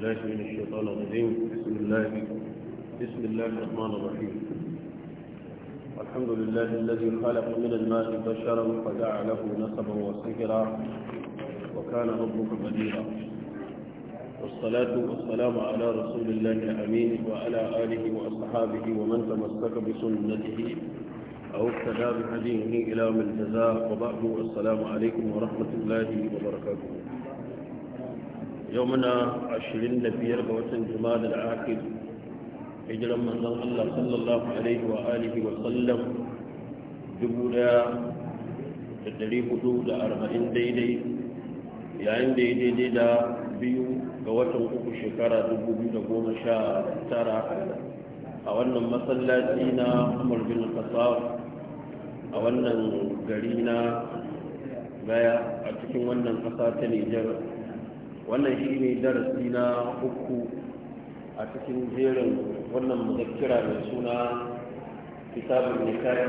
بالله من الشيطان الرجيم بسم الله بسم الله الرحمن الرحيم الحمد لله الذي خلق من الماء بشرا فجعله نسبا وسكرا وكان ربك بديرا والصلاة والسلام على رسول الله الأمين وعلى آله وأصحابه ومن تمسك بسنته أو اقتدى بهديه إلى من جزاء وبعد السلام عليكم ورحمة الله وبركاته yau muna 25 ga watan jima'a da akid hijiran manzon Allah sallallahu alaihi wa alihi wa sallam dubu da da dari hudu da arba'in daidai yayin da ya daidai da biyu ga watan uku shekara dubu biyu da goma sha tara a wannan masallaci na umar bin kasar a wannan gari na gaya a cikin wannan kasa ta nijar wannan shi ne darasi na uku a cikin jerin wannan mazakira mai suna kitabin nikari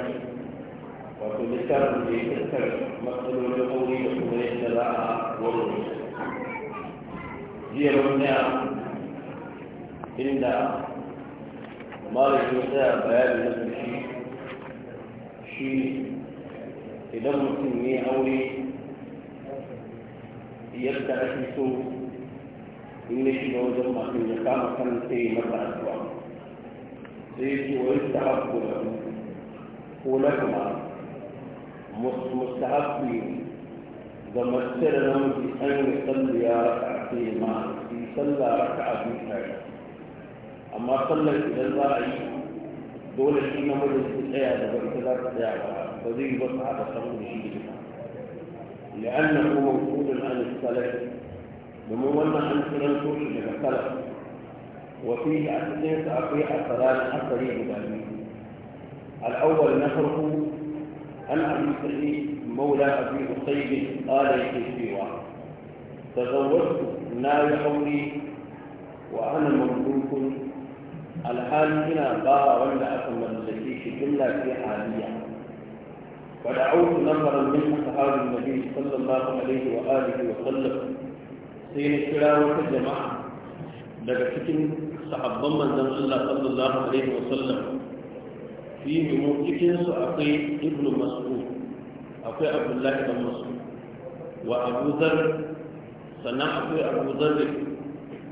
wato nikari da ya tattara matsalolin aure da kuma yadda za a warware jiya wani inda malamin ya tsaya bayani na shi idan mutum ne aure yadda ake so in ya shiga wajen masu ya kama kan sai masa addu'a sai ce wa yi ta haɓu da ko na kuma mustahabu ga mace da namiji an yi tsalliya a ce ma su sallah raka a duniya amma sallar idan za a yi dole shi namijin su tsaya da ba ita za ta tsaya ba ba zai yi ba su haɗa samun shi da لأنه موجود عن السلف عن أن تنسوش إلى السلف وفيه أسئلة أقوي أسران أسري بدأني الأول نفره أن أبي سعيد مولى أبي أسيد قال يكفيوا تزوجت نار حولي وأنا مملوك الحال هنا بار ولا أكمل لديك إلا في حالية ودعوت نفرا من أصحاب النبي صلى الله عليه وآله وسلم سين الشراوة الجماعة daga cikin sahabban manzon Allah sallallahu alaihi wasallam fi mu cikin su akwai ibn mas'ud akwai abdullahi ibn mas'ud wa abu dhar sannan akwai abu dhar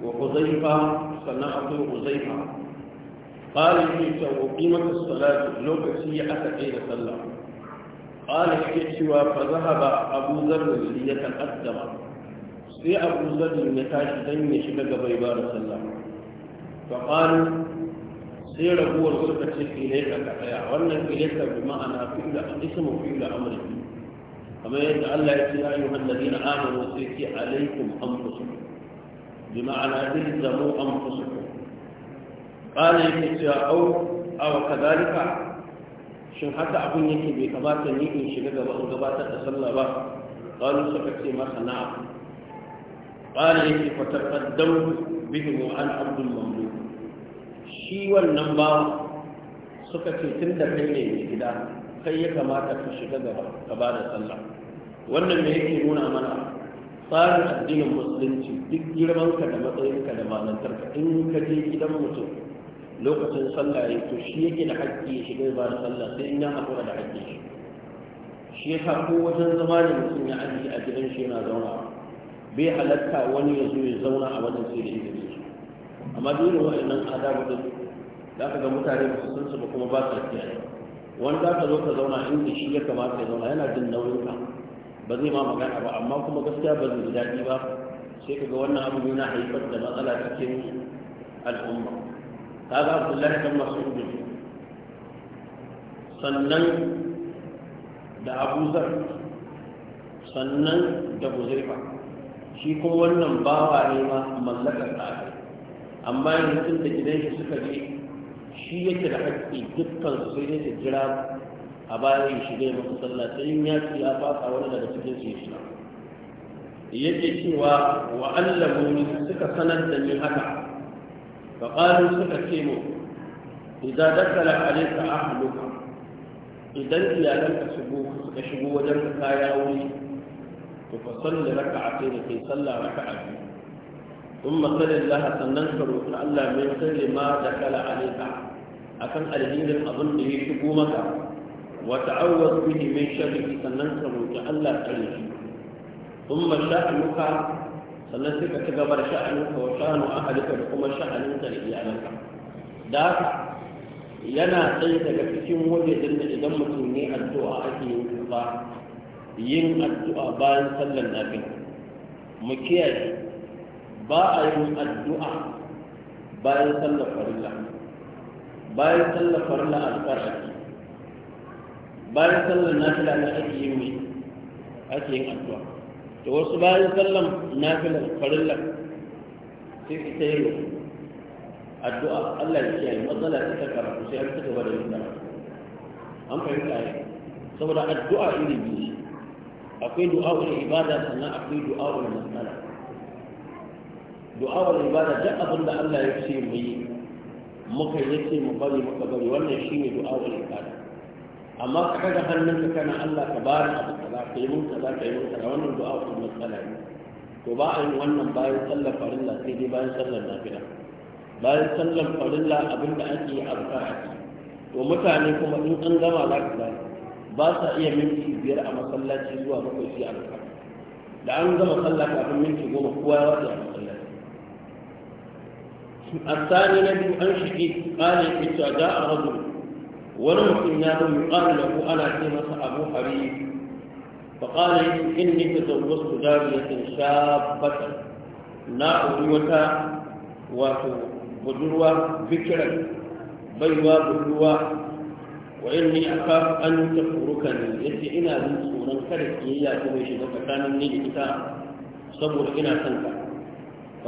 wa huzaifa sannan akwai huzaifa قال في توقيمة الصلاة لو كسي أتى kai da الله ƙala ke cewa fa zahaba abu zarri ya taƙaddama sai abu zarri ya tashi don ya shiga gaba da sallah fa ƙalu sai raguwar suka ce ilai ka kaɗaya wannan ilai ka bi ma'ana fi'la ismu fi'la kamar yadda Allah ya ce ayu hannari na amuru sai ke alaikum an fusu bi ma'ana zai zamo an fusu ƙala ke cewa au au shin haka abin yake bai kamata ni in shiga gaba in gabatar da sallah ba qalu suka ce masa na'am qala yake fa taqaddam bihi an abdul mamluk shi wannan ba suka ce tun da kai ne mai gida kai ya kamata ka shiga gaba ka ba da sallah wannan me yake nuna mana tsarin addinin musulunci duk girman ka da matsayinka da malantarka in ka je gidan mutum lokacin sallah ya to shi yake da haƙƙi ya shiga ba da sallah sai in ya haƙura da haƙƙi shi shi yasa ko wajen zama da mutum ya aji a gidan shi yana zauna bai halatta wani ya zo ya zauna a wajen sai da izini shi amma dole waɗannan adabu din za ka ga mutane ba su san su ba kuma ba su kiyaye wani za ka zo ka zauna inda shi ya kamata ya zauna yana jin nauyin ka ba zai ma magana ba amma kuma gaskiya ba zai daɗi ba sai ka ga wannan abu yana haifar da matsala cikin al'umma kaga abdullahi dan mas'ud sannan da abu zar sannan da buzaifa shi kuma wannan bawa ne ma mallakar tsari amma yanzu da gidan shi suka je shi yake da haƙƙi dukkan su sai dai jira a bayan shi dai masu sallah sai yin ya ci ya fasa wani daga cikin su shi yake cewa wa suka sanar da ni haka faƙalu suka ce mu idan dakala alaika ahluka idan iyalanka shigo suka shigo wajen ka kaya wuri to fa salli raka'atayn kai sallah raka'a biyu ثم صل الله سننكر الله من كل ما دخل عليك أكن الهير أظن به شكومك وتعوذ به من شره سننكر الله عليه ثم شأنك sannan sai ka ci gaba sha'aninka wa sha'anu ahalika da kuma sha'aninka da iyalanka da haka yana tsaye daga cikin waje da idan mutum ne addu'a ake yin kuka yin addu'a bayan sallar nafin mu kiyaye ba a yin addu'a bayan sallar farilla bayan sallar farilla a ake bayan sallar nafila ne ake yin addu'a da wasu bayan sallan farin farilla sai ita yi addu'a Allah ya kiyaye matsala ta karatu sai an cigaba da yin an fahimta ne saboda addu'a iri biyu akwai du'a wani ibada sannan akwai du'a'ul matsala du'a'ul ibada duk abin da Allah ya ce mu yi muka yi, ya yace mu bari muka bari wannan shi ne du'a wani ibada amma ka daga hannunka kana Allah ka bari abu kaza ka yi mun kaza ka yi mun kaza wannan du'a ko matsala ne to ba a yi wannan bayan sallar farilla sai dai bayan sallar lafiya. bayan sallar farilla abinda ake yi azkar ake to mutane kuma in an gama za ka gane ba sa iya minti biyar a masallaci zuwa bakwai sai azkar da an gama sallah kafin minti goma kowa ya wata a masallaci الثاني نبي أنشئ قال إذا جاء رجل wani mutum ya zo mu ƙara da ku ana ce masa abu hari faƙala yi in ni ta zauwa su dariyatin shabbata na auri wata wato budurwa bikiran baiwa budurwa wa in ni aka an yi ta furuka ne ce ina jin tsoron kada kiyayya ko mai shiga tsakanin ni da ita saboda ina son ka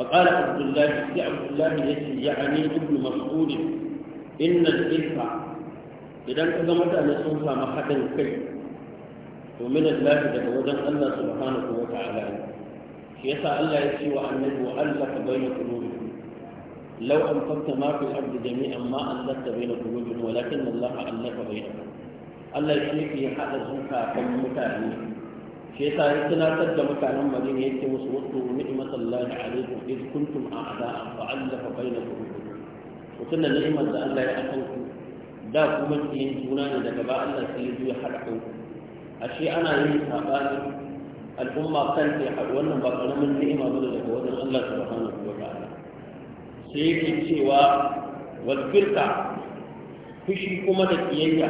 Abdullahi عبد الله ya الله يسي يعني ابن مسعود إن الإرفع idan ka ga mutane sun samu haɗin kai to min Allah daga wajen Allah subhanahu wa ta'ala shi yasa Allah ya ce wa annabi wa Allah ka bayyana qulubi law anfaqta ma fi al-ardi jami'an ma allafta bayna qulubi walakin Allah allafa bainahum Allah shi yake hada zukatan mutane shi yasa ya tunatar da mutanen Madina yake musu wasu ni'matallahi alaikum id kuntum a'da'a fa allafa baina qulubi to tunan ni'mar da Allah ya akan ku da kuma yin juna ne daga ba Allah sai ya zuwa haɗa kai ashe ana yin sabani al'umma kan ta haɗu wannan ba ƙaramin ni'ima ba daga wajen Allah subhanahu wa ta'ala sai yake cewa wadbirka fushi kuma da kiyayya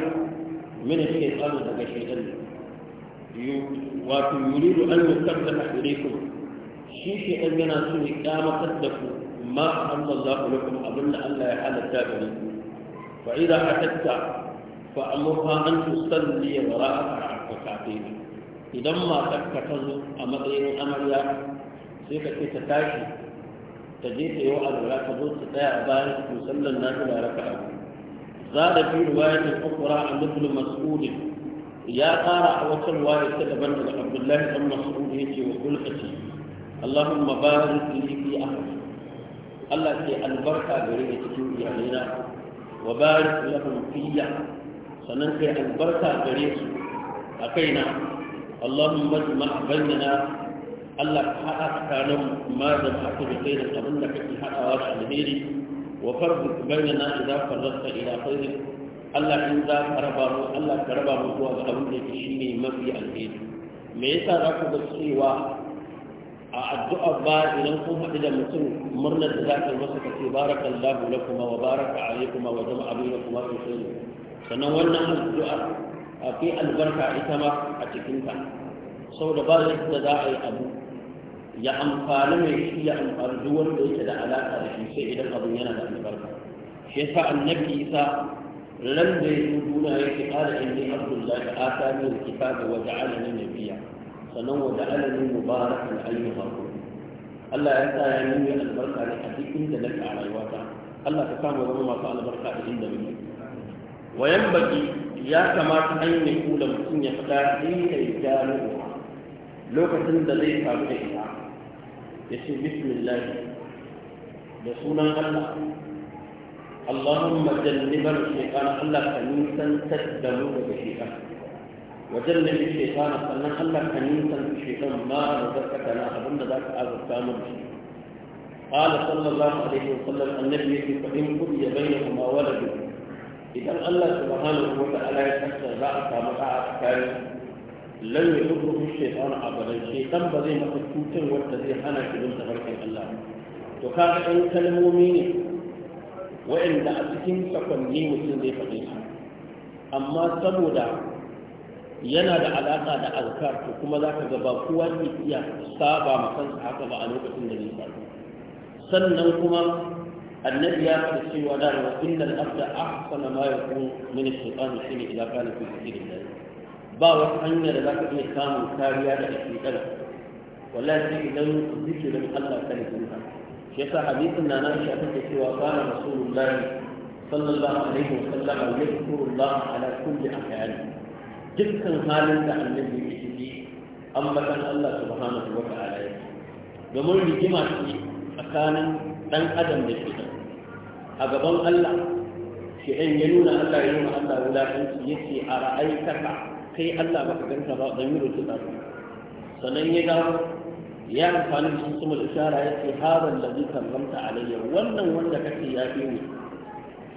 min shaytan daga shaytan wato yuridu an yusabbata ilaykum shi shaytan yana so ya kamatar da ku ma Allah za lakum abinda Allah ya halatta gare ku فإذا أتت فأمرها أن تصلي وراءك ركعتين إذا ما تكتز أمرين أمريا سيكا تتاشي تجيك يوعد ولا تبوت تتاع بارك يصلى الناس إلى ركعة زاد في رواية أخرى عن ابن مسعود يا قارع وترواية تتبنى عبد الله بن مسعود يجي وخلقتي اللهم بارك لي في أهلي Allah ce albarka gare da cikin iyalaina wa barik lahum fiyya sannan kai albarka gare su a kaina Allahumma jama'a bainana Allah ka haɗa tsakanin ma da ma ka kai da abin da kake haɗawa da alheri wa farbu bainana idan farrasta ila khairin Allah in za ka raba mu Allah ka raba mu zuwa ga abin da yake shine mafi alheri me yasa za ku ga cewa a addu'a ba idan kun haɗu da mutum murnar da za ka masa ka ce barakallahu kuma wa baraka kuma wa jama'a bainakuma fi khairin sannan wannan addu'a fi albarka ita ma a cikinta da ba zai da za a yi abu ya amfani mai shi ya amfani duk wanda yake da alaƙa da shi sai idan abin yana da albarka shi yasa annabi isa ran da ya yi duniya yake ƙara inni abdullahi a atani alkitaba wa ja'alani nabiyya sannan wa ja'ala ni mubarakan ayyuha Allah ya sa ya nuna albarka ne a duk inda nake a rayuwata Allah ka samu zama masu albarka a inda muke wayan baki ya kamata an yi kula mutum ya fada inda ya gano lokacin da zai samu da ita ya ce bismillah da sunan Allah اللهم جنبنا الشيطان الله كنيسا تدلو بشيطان wajen da yake fara sannan Allah kan yi san shekan ma da na abin da za ka azurta mun shi. Ƙala sallallahu alaihi wa sallam annabi yake faɗin kudi ya bayyana kuma wala biyu. Idan Allah subhanahu wa ta'ala ya tsaka za a samu ka'a a kare lan ya rubu shi shekan a gaban shekan ba zai maka cutar wanda zai hana shi bin tabarkin Allah. To ka ɗan kalmomi ne wa'inda a cikin sakonni mutum zai faɗe su. Amma saboda yana da alaƙa da alkar to kuma za ka gaba kowa ke iya saba ma kansa haka ba a lokacin da zai faru sannan kuma annabi ya faɗa cewa da wa innal abda ahsana ma yakun min ash-shaytan shine idan kana fi dhikrillah ba wata hanya da za ka iya samun kariya da shaytan wallahi idan zikirin Allah ka nufi shi yasa hadisin na nan shi take cewa kana rasulullahi sallallahu alaihi wa sallam yadhkuru Allah ala kulli ahyani dukkan halin da annabi ya ciki ambatan Allah subhanahu wa ta'ala yake domin rigima ce tsakanin dan adam da shi a gaban Allah shi ɗan ya nuna Allah ya nuna Allah wulaƙanci ya ce a ra'aikata kai Allah baka ganta ba don yi rutu da sannan ya dawo ya amfani da sun ishara ya ce haɓar da zai karramta alayya wannan wanda kake ya fi ne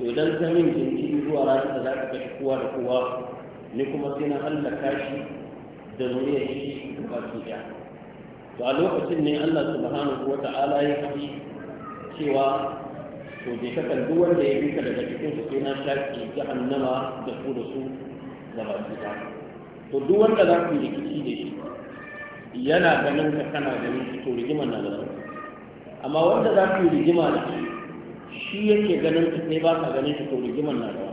to idan ka min jinkiri zuwa ranar da za ka kashe kowa da kowa ni kuma sai na hallaka shi da zuriyar shi baki ya to a lokacin ne Allah subhanahu wa ta'ala ya faɗi cewa to bai ka duk wanda ya bika daga cikin su sai na shaki, jahannama da su da su da baki ya to duk wanda za ku yi rikici da shi yana ganin ka kana ganin to rigima na da su amma wanda za ku yi rigima da shi shi yake ganin ka sai ba ka ganin shi to rigiman na da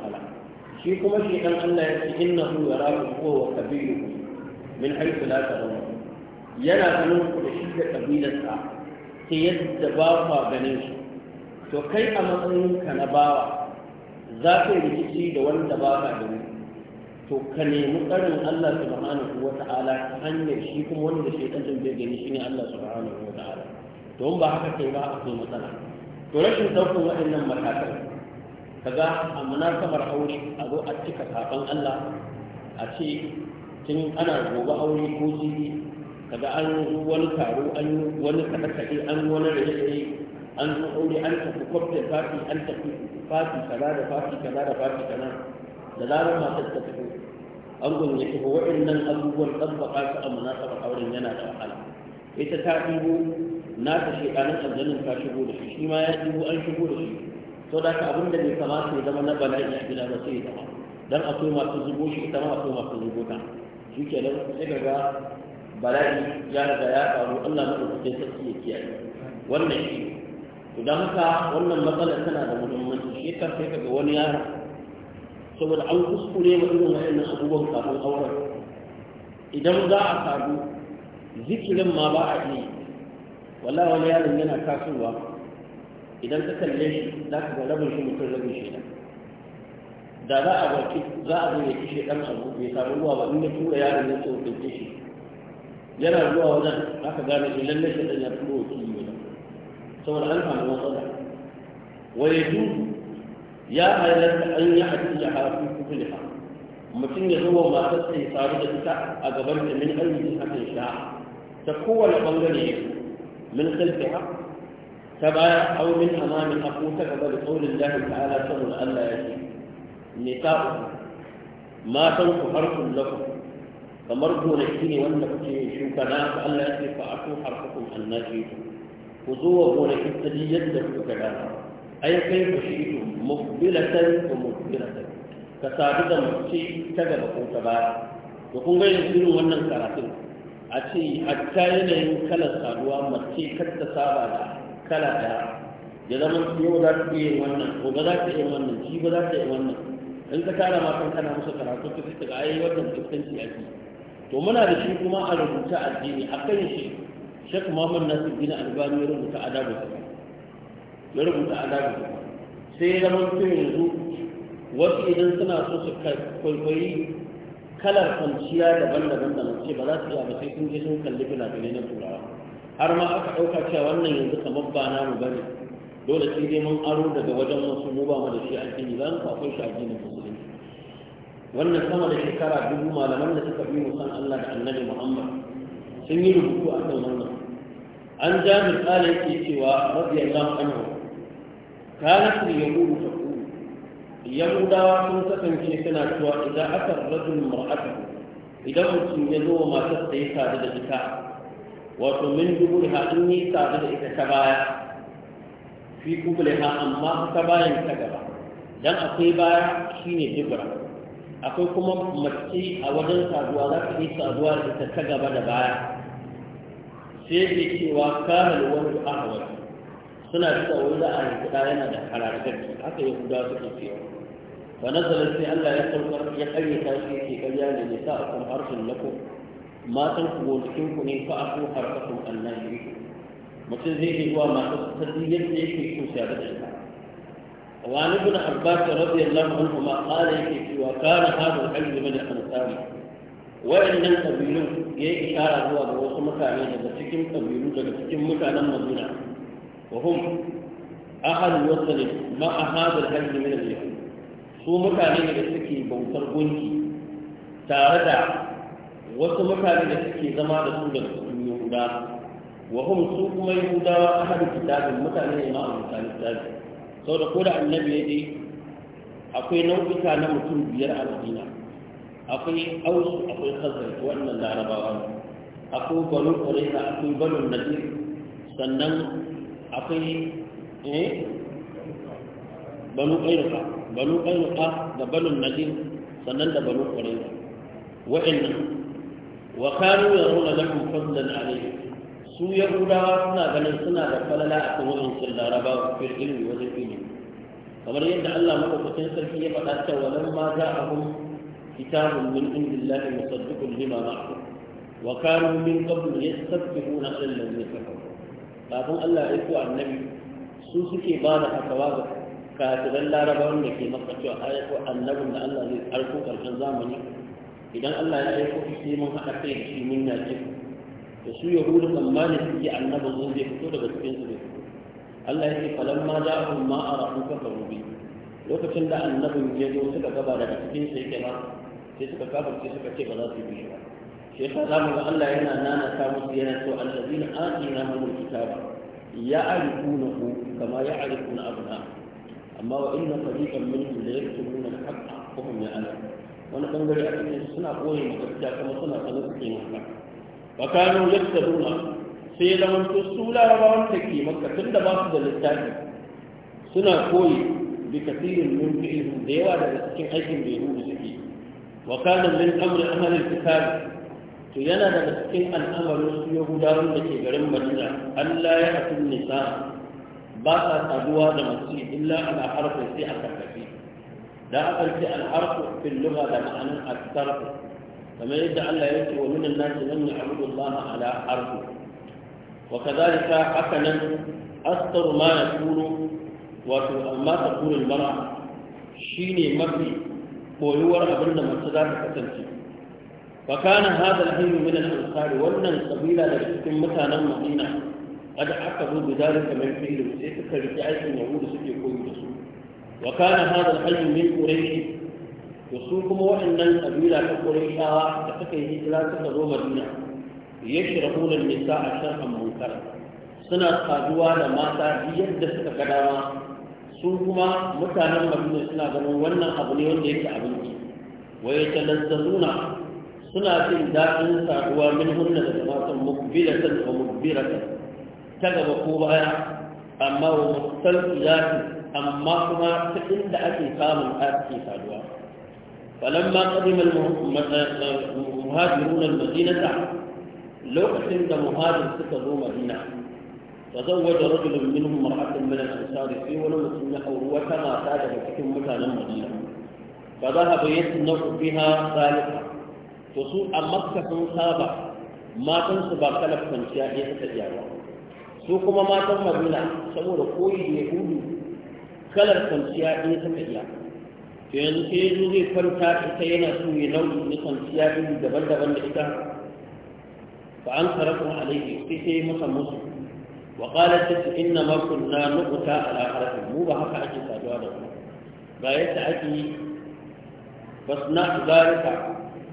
shi kuma shi dan Allah ya ce innahu yarakum huwa wa qabiluhu min haythu la tarawun yana ganin ku da shi da kabilarsa ta yadda ba ku ganin shi to kai a matsayin ka na bawa za ka yi rikici da wanda ba ka gani to ka nemi tsarin Allah subhanahu wa ta'ala ta hanyar shi kuma wanda shi dan bai gani shine Allah subhanahu wa ta'ala don ba haka kai ba akwai matsala to rashin ɗaukar waɗannan matakan kaga a munasabar aure a zo a cika saƙon Allah a ce tun ana gobe aure ko jibi kaga an wani taro an wani kaɗe-kaɗe an wani raye an zo aure an tafi kwafta fati an tafi fati kaza da fati kaza da fati kaza da zarar matar ta fito an gwamnati tafi waɗannan abubuwan ɗabbaka su a munasabar auren yana da wahala ita ta ɗibo nata shekarun aljanin ta shigo da shi shi ma ya ɗibo an shigo da shi to da ka abin da bai kamata ya zama na bala'i a gida ba sai ya zama dan akwai masu zubo shi ita ma akwai masu zubo ta shi ke nan sai ga bala'i ya riga ya faru Allah madaukakin sarki ya kiyaye wannan shi to dan haka wannan matsalar tana da muhimmanci shi ka sai kaga wani yaro saboda an kuskure ma irin wa'annan abubuwan kafin auren idan za a sadu zikirin ma ba a yi wallahi wani yaron yana tasowa idan ka kalle shi za ka ga rabin shi mutum rabin shi da da za a baki za a zo ya ci dan abu bai samu ruwa ba inda tura yaron nan sai ya shi yana zuwa wajen za ka gane shi lalle shi dan ya tura wakili ne saboda an samu matsala wa yadu ya halatta an yi hadisi a harafin kukuliha mutum ya zo wa matarsa ya saru da ita a gaban ta min ainihin hakan sha ta kowane bangare min kalfiha ta baya aw min amami aku ta gaba da qaulin Allah ta'ala saboda Allah ya ce ta nisa'u matan ku harkun lakum kamar shi ne wanda kuke shuka na ku Allah ya ce fa aku harkukum annabi ku zo wa gonakin tadi yadda kuka gana ai kai ku shi ku mukbilatan ku mukbilatan ka sadu da mace ta gaba ko ta baya to kun ga irin wannan karatun a ce hatta yanayin kalar saduwa mace kar ta saba da kala ɗaya ya zama yau za ta iya wannan gobe za ta iya wannan shi ba za ta iya wannan in ka tara ma kan kana musu karatu ka fita ga ayi wannan fuskanci ake to muna da shi kuma a rubuta addini a kan shi shek muhammad nasir bin albani ya rubuta adabu ya rubuta adabu sai ya zama to yanzu wasu idan suna so su kwaikwayi kalar kwanciya daban-daban da mace ba za su iya ba sai sun je sun kalli fina-finai na turawa har ma aka ɗauka cewa wannan yanzu kamar ba na mu bane dole sai dai mun aro daga wajen wasu mu ba mu da shi addini za mu akwai shi a addinin musulunci wannan sama da shekara dubu malaman da suka bi mu san Allah da Annabi Muhammad sun yi rubutu a kan wannan an jami tsala yake cewa radiyallahu anhu kanat al ta taqulu yahudawa sun kasance suna cewa idan aka rajul mar'atu idan mutum ya zo matar da ya sadu da ita wato min ha in yi sadu da ita ta baya fi ha, amma ta bayan ta gaba dan akwai baya shine dubura akwai kuma mace a wajen saduwa za ka yi saduwa da ita ta gaba da baya sai ke cewa kamar wani ahawar suna da tsawon da a da yana da yi guda su suke cewa fa nazarin sai allah ya saukar ya karyata shi ke karya ne ne sa a kan harshen lakum matan ku gonakin ku ne fa aku harfatu annabi mutum zai yi wa masu tasiri yadda yake so sai da shi wani ibn abbas radiyallahu anhu ma qala yake cewa kana hadu al-hajj min al-ansari wa'annan kabilun ya yi ishara zuwa ga wasu mutane daga cikin kabilu daga cikin mutanen madina wa hum ahad wasal ma ahad al-hajj min al-yahud su mutane da suke bautar gunki tare da wasu mutane da suke zama da su da yahuda wa hum su kuma wa ahli kitabin mutane ne ma abuta littafi saboda ko da annabi ya je akwai nau'ika na mutum biyar a madina akwai ausu akwai khazar wannan larabawa akwai banu qurayza akwai banu nadir sannan akwai eh banu qainuqa banu qainuqa da banu nadir sannan da banu qurayza wa'annan wa kanu yaruna lahum fadlan alayhi su yahudawa suna ganin suna da falala a kan wajen larabawa fil ilmi wajen ilmi kamar yadda Allah madaukakin sarki ya faɗa cewa lam ma ja'ahum kitabun min indillahi musaddiqun lima ma'ahum wa kanu min qabl yastaftihuna 'ala alladhina kafaru kafin Allah ya ku annabi su suke ba da fatawa ga kafiran larabawan da ke maka cewa ayatu annabin da Allah zai arko karshen zamani idan Allah ya aiko ku sai mun haɗa kai da shi mun yaƙe ku da su yahudu tsammanin su yi annabin mun zai fito daga cikin su zai Allah ya ce falan ma za a ma a rahu ka faru bi lokacin da annabin ya zo suka gaba daga cikin sai kenan sai suka kafarce suka ce ba za su yi shi ba shi yasa za mu ga Allah yana nana ta musu yana so allazina atina humul kitaba ku kama abu abna amma wa inna da ya la yaktumuna al-haqqa wa mai ya'lamun wani bangare a cikin suna koyi ma gaskiya kuma suna sanar suke yin haka wa kanu yaktaduna sai da to su larabawan ta ke makka tunda ba su da littafi suna koyi bi kasirin min fi'ihim da yawa daga cikin aikin da yahudu suke wa kana min amri amalin kitab to yana daga cikin al'amarin su yahudawan da ke garin madina Allah ya atin nisa ba sa saduwa da masu illa ala harfin sai a karkace da aka ce alharku fil lugha da ma'anan asarfu kamar yadda Allah ya ce wa minan nasi man ya'budu Allah ala harfu wa kadhalika nan astar ma yakunu wato amma takunu al-mar'a shine mafi koyuwar abin da mace za ta kasance fa kana hada al-hayy min al-ansar wannan kabila daga cikin mutanen Madina kada aka zo da zalika min fi'l sai suka rike aikin yahudu suke koyi wa kana hadha al min quraish to su kuma waɗannan kabila ta quraishawa da suka yi hijira suka zo madina yashrahuna an-nisaa sharhan munkara suna saduwa da mata yadda suka ga dama su kuma mutanen madina suna ganin wannan abu ne wanda yake abinci wa yatalazzazuna suna jin daɗin saduwa min hunna da matan mukbilatan wa mukbiratan ta gaba ko baya amma wa mustalqiyatin amma kuma ta inda ake samun ake saduwa falamma qadima al-muhajirun al-madinata lokacin da muhajir suka zo madina tazawwaja rajulun minhum mar'atan min al-ansar sai wani mutum ya auri wata mata daga cikin mutanen madina fa zahaba yasnaqu biha salika to su a makka sun saba matan su ba kalaf kwanciya ya suka iya su kuma matan madina saboda koyi yahudu kalar kwanciya in suka iya to yanzu sai ya zo zai kwanta ita yana so ya nau'i na kwanciya iri daban-daban da ita fa an sarrafa alaihi sai sai masa musu wa qalat ta inna ma kunna nuqta ala harfin mu ba haka ake saduwa da ku ga yadda ake yi ba su fasna zalika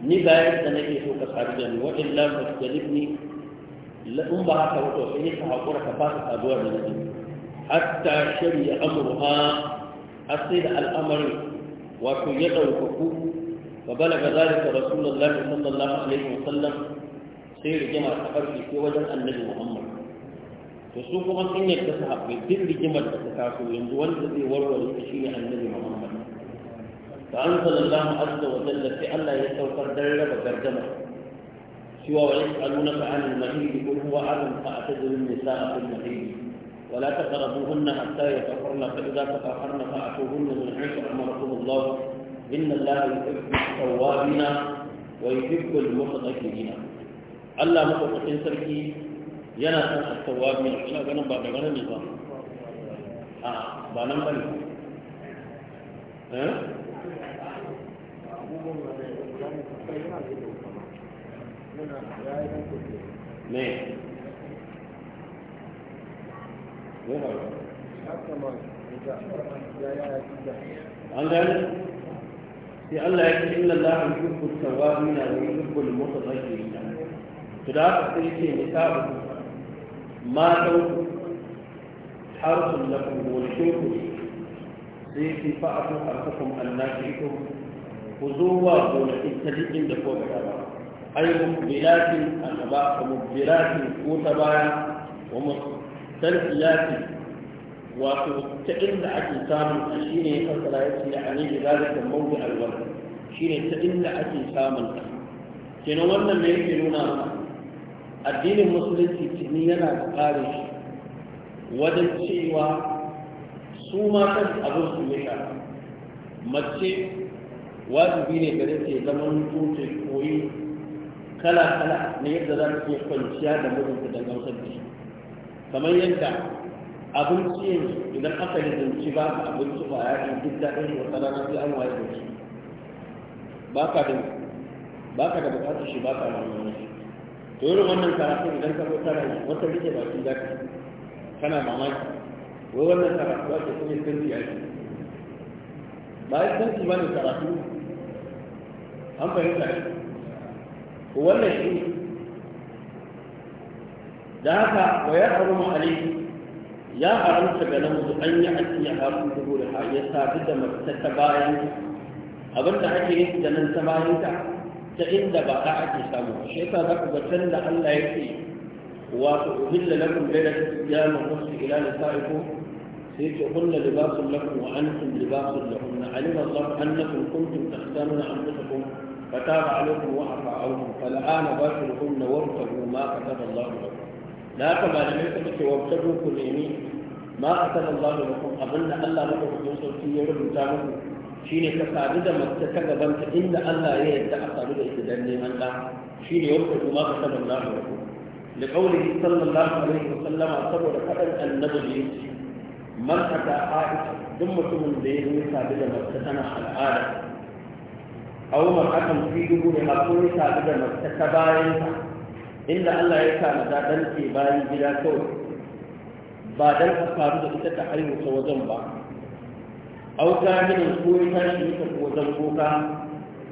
ni ga yadda nake so ka sadu da ni wa illa fasjalibni la in ba haka wato sai ka hakura ka fasa saduwa da ni hatta shari'a amurha a sai da al'amarin wato ya ɗaukaku wa balaga zalika rasulullahi sallallahu alaihi wa sallam. sai rigima ta ƙarfi sai wajen annabi muhammad to su kuma sun yadda su haɓe duk rigimar da ta taso yanzu wanda zai warware ta shi ne annabi muhammad an anzalallahu azza wa jalla sai Allah ya saukar dan raba gardama cewa wa yas'alunaka 'anil mahidi qul huwa adun fa atazilun nisa'a fil mahidi ولا تقربوهن حتى يتطهرن فإذا تطهرن فأتوهن من حيث أمركم الله إن الله يحب التوابين ويحب المتطهرين الله متطهرين سركي آه، ها ها ها ها ها ها ها ها ها ها ها ها ها ها ها yana an gani sai Allah ya ce inna Allah yuhibbu at-tawwabina wa yuhibbu al-mutatahhirina to da haka sai ce ni ta ku ma dau harsun lakum wa shirku sai ki fa'atu harsukum annakikum ku zuwa gonakin jikin da ko ga ba ai mubbilatin an ba mubbilatin ko ta baya wa talfiya wato ta inda ake samun ta shi ne fasara ya ce a ne da zalika mawdu alwar shi ne ta inda ake samun ta kenan wannan me yake nuna mana addinin musulunci tuni yana da kare shi wajen cewa su kan abin su ya shafa mace wajibi ne gare ta zaman tuce koyi kala-kala na yadda za ta iya kwanciya da mutunta da gamsar da shi kamar yadda abinci yanzu idan aka yi zunci ba ka abinci ba ya yi duk daɗin shi wata rana sai an waye zunci ba ka da ba ka da bukatar shi ba ka da wani to yi wannan karatu idan ka zo tara yi wata rike ba su zaki kana mamaki wai wannan karatu sun yi sirri a shi ba yi sirri ba ne karatu an fahimta shi wannan shi da haka wa ya haramu alaihi ya haramta ga namiji an yi aiki ya haram da gure ha ya sabu da mace ta bayan abinda ake yin da nan ta bayan ta ta inda ba ta ake samu shi yasa za ku ga da Allah ya ce wato uhilla lakum laylatan qiyamah wasu ila nisaikum sai ce kunna libasun lakum wa antum libasun lahum alima Allah annakum kuntum tahtanuna anfusakum فتاب عليكم وعفى عنكم فالآن باشرهن وارتبوا ما كتب الله لكم da haka malamai suka ce ruku ne ne ma a sanar ba da mutum abin da Allah maka hukun sauki ya rubuta muku shine ka sadu da mace ta gaban ta inda Allah ya yarda a sadu da ita dan neman ɗa shine wata ku ma ka sanar ba da mutum da kaulihi sallallahu alaihi wasallam saboda faɗan annabi ne man ata aisha duk mutumin da ya yi sadu da mace tana al'ada a umar akan fi dubu da hakuri sadu da mace ta bayan ta inda Allah ya kama ta dan ce bayan gida kawai ba dan ka faru da ita ta haihu ta wajen ba auka gidan ko ya tashi ta wajen boka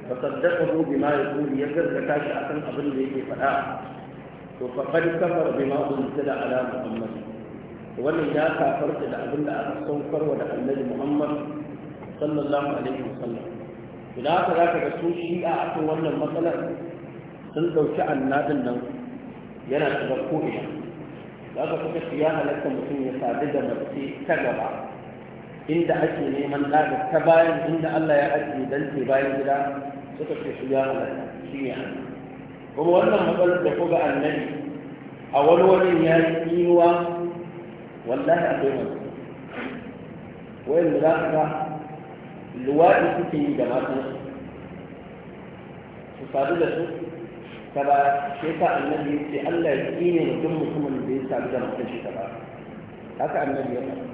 fa saddaqahu bima yaqulu ya gaskata shi akan abin da yake faɗa to fa qad kafara bima unzila ala muhammad wannan ya kafarta da abin da aka saukarwa da annabi muhammad sallallahu alaihi wasallam idan aka zaka ga su shi'a akan wannan matsalar sun ɗauki annabin nan yana shiga ko'ina za ka kuka shi ya halatta mutum ya sadu da mace ta gaba inda ake neman ɗaga ta bayan inda Allah ya ajiye dan ce bayan gida suka ce shi ya halatta shi ne kuma wannan matsalar da kuga annabi a wani wani ya yi yiwa wallahi akwai masu wayan da za ka ga luwaɗi suke yi da matan su sadu da su ta ba shi yasa annabi ya ce Allah ya tsine mutum mutumin da ya sami da mutum shi ta ba haka annabi ya faɗa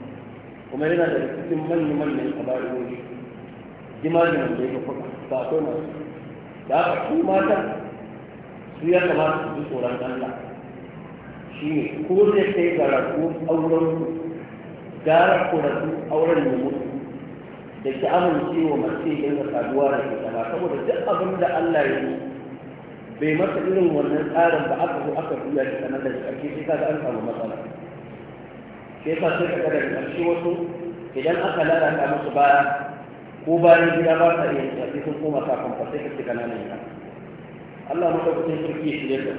kuma yana da cikin manyan manyan kabarori jimanin da ya kuka ba na su da haka su mata su ya kamata su ji tsoron Allah shi ne ko zai kai ga raku auren gara kuratu auren ne mutu da ki amince wa mace yin saduwa da ita ba saboda duk abin da Allah ya yi bai masa irin wannan tsarin ba aka zo aka biya shi sanar da ƙarshe sai ka ga an samu matsala sai ka sai ka daga ƙarshe wasu idan aka lalata musu baya ko bayan gida ba sa iya tafi sun koma kafin fa sai ka ci kanana yara Allah madaukakin sarki ya shirya da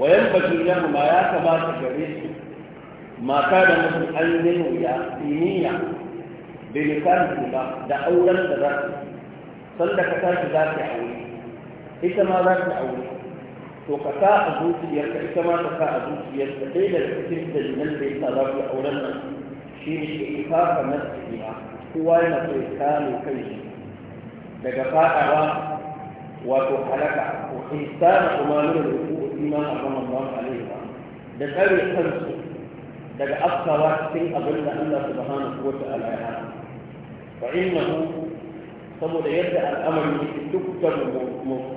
wayan baki idan ma ya kamata gare su mata da mutum an yi wuya siniya bai misali ba da auren da za su sanda ka tashi za ta aure ita ma za ta aure to ka sa a zuciyarka ita ma ka sa a zuciyarka dai da cikin dalilan da yasa za ku auren nan shi ne ke ifafa na tsibiya kowa yana so ya kame kai daga fadawa wato halaka wa ihsana kuma min al-wuqu fi zaman harama Allah alayhi da tsare kansu daga afkawa cikin abin da Allah subhanahu wa ta'ala ya hana fa innahu saboda yadda al'amari yake dukkan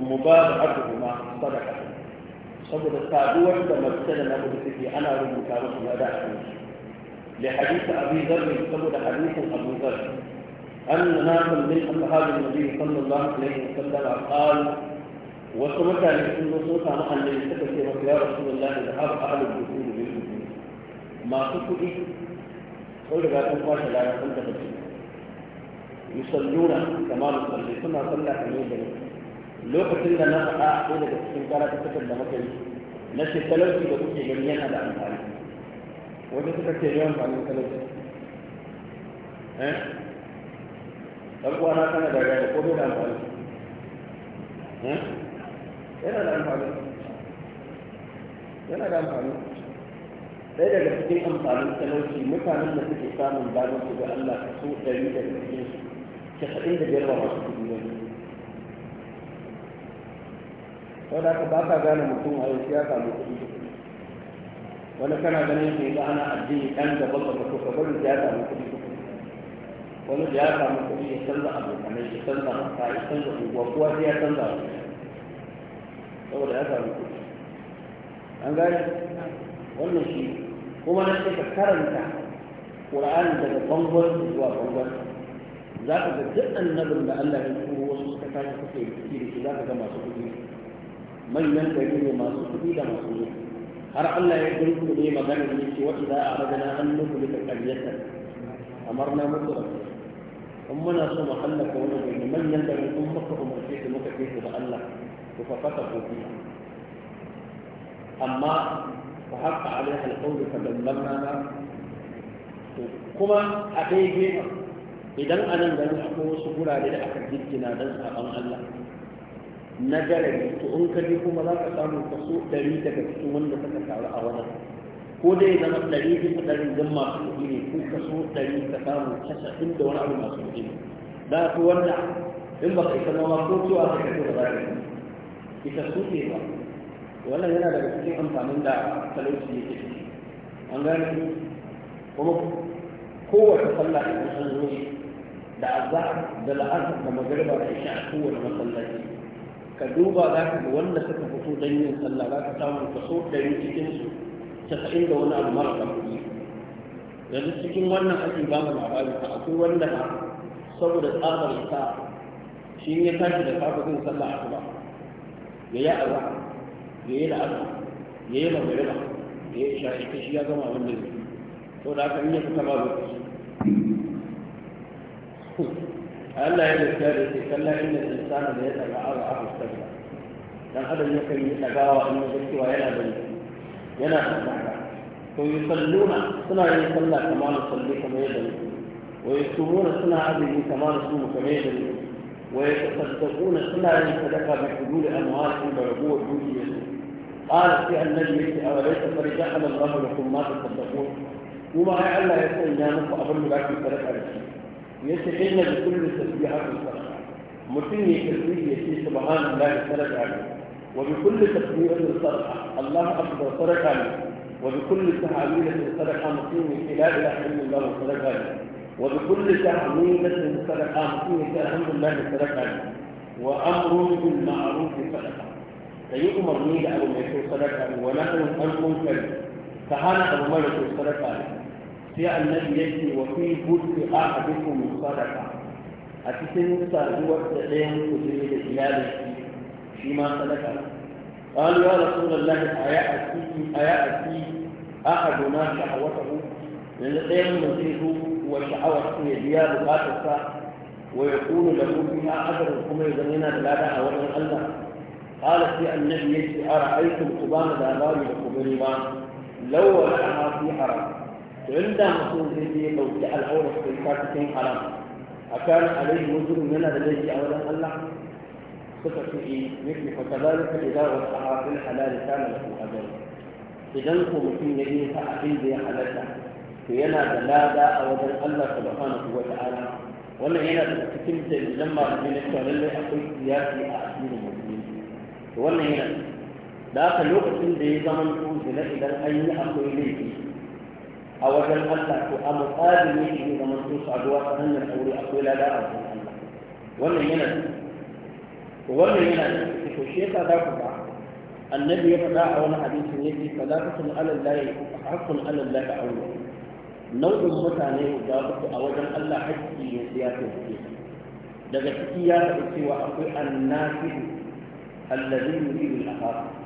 mubara'atu ma sadaka saboda saduwar da mace da namiji suke ana rubuta musu lada a kan shi li hadith abi dharr saboda hadithin abu dharr أن ناسا من أصحاب النبي صلى الله عليه وسلم قال وسمعت عن النصوص عن أن يستكت يا رسول الله ذهب أهل الدخول بالدخول ما تقول قل لك أن تقول لا يقول يصلون كما يصلي ثم صلى في يوم بني لو قتلنا نفقا إلى قتلنا كانت تتبع مكري نشي تلوكي بكي جميعنا لأمثالي وجه تتكي اليوم بعد المثلوكي ها؟ أقوى أنا كان دعاء كل الأمثال ها؟ إلى الأمثال إلى الأمثال إذا إيه كنت تتكي أمثال التلوكي مكان من تتكي كامل بعد المثلوكي الله سوء جيدة في الجنس casa'in da biyar ba masu kuɗi ba ba ka gane mutum a yau ya samu kuɗi wani kana ganin shi ga ana addini ɗan da baka ba ka bari ya samu kuɗi wani da ya samu kuɗi ya canza abokanai ya canza mata ya canza unguwa kowa sai ya canza saboda ya samu kuɗi an gane wannan shi kuma na ce ka karanta ƙur'ani daga bangon zuwa bangon za ka ga duk annabin da Allah ya turo wasu suka tashi kuka yi ciki da su za ka ga masu kuɗi manyan gari ne masu kuɗi da masu kuɗi har Allah ya dunkule maganar ne ce wata za a ragana an nufuli da ƙaryata kamar na mutu da in muna so mu hallaka wani gari manyan gari kun maka umarce su muka kai su da Allah ku fafata ko kuma amma fa haka alaihi alƙawli fa dallamna kuma a ɗaya gefen idan a nan ganin akwai wasu gurare da aka jirgina don saɓon Allah na galari to in ka je kuma za ka samu kaso ɗari daga cikin wanda suka taru a wajen ko dai zama ɗari bisa ɗari don masu kuɗi ne ko kaso ɗari ka samu casa'in da wani abu masu kuɗi ne za ka wanda in ba ka isa ma ko cewa ka kaso da za ka yi ita su ne ba wannan yana daga cikin amfanin da talauci ke. an gane kuma kowace sallah idan an zo da azhar da la'asar da magariba da isha a kowane masallaci ka duba za ka ga wanda suka fito don yin sallah za ka samu kaso ɗari cikin su casa'in da wani abu mara kuɗi. yanzu cikin wannan ake ba mu labarin ka akwai wanda ba saboda tsabar sa shi ya tashi da safe zai sallah asuba ya yi azhar ya yi la'asar ya yi magariba ya yi isha ita shi ya gama wannan to da aka yi ya fita ba lokaci ألا يد الثالث كلا إن الإنسان ليس أرى أرى السبلة لن هذا يمكن أن يتقاوى أن يجب أن يلعب ينام فيصلون صنع يصلى كما نصلي كما يدل ويصومون صنع أبي كما نصوم كما يدل ويتصدقون صنع يصدق بحدود أموالهم بربوة جودية قال في النبي أوليس فرجعنا الله لكم ما تصدقون وما يعلى يسأل جانب أظن لكم ثلاثة أشياء يستحلنا بكل تسبيحات الصالحة متين يكفي يسي سبحان الله ثلاث عليه وبكل تسبيحة صرخة الله أكبر صرخة وبكل تحميلة صرخة مقيم لا إله إلا الله صرخة وبكل تحميلة صرخة مقيم الحمد لله صرخة وأمر بالمعروف صرخة سيؤمر ميل أبو ميسو صرخة ونحن أنكم كريم فهانا أبو ميسو صرخة فعل لم يجد وفي بدء احدكم الصدقه اتسن صدقوا تدين وزيد الهلال فيما صدقه قالوا يا رسول الله اياتي اياتي احدنا شهوته لتدين وزيد وشهوته يدياب قاتل ويقول له فيها اجر وكما يزنينا ثلاثه حوالي الله قال في النبي ارايتم قبام الاغاني وقبري لو رحمها في حرام to in da mutum zai je ɗauki al'aurar sai ka cikin haram a kan alaihi mutum yana da laifi a wajen Allah suka ce eh yake fa kazalika idza wasa'a fil halal kana lahu ajr idan ko mutum ya yi ta abin da ya halatta to yana da lada a wajen Allah subhanahu wa ta'ala wannan yana daga cikin dalilan malamai na cewa lallai akwai siyasi a asirin musulmi to wannan yana da haka lokacin da ya zama to idan an yi akwai laifi a wajen Allah to a muƙadin yake ne zaman sun saduwa ta hanyar aure akwai lada a wajen Allah wannan yana wannan yana da to shi yasa za ku ba annabi ya faɗa a wani hadisin yake salatatun alal lahi haqqun alal lahi aure nau'in mutane guda uku a wajen Allah hakki ne ya tafi daga ciki ya faɗi cewa akwai annabi alladhi yuridu al-akhara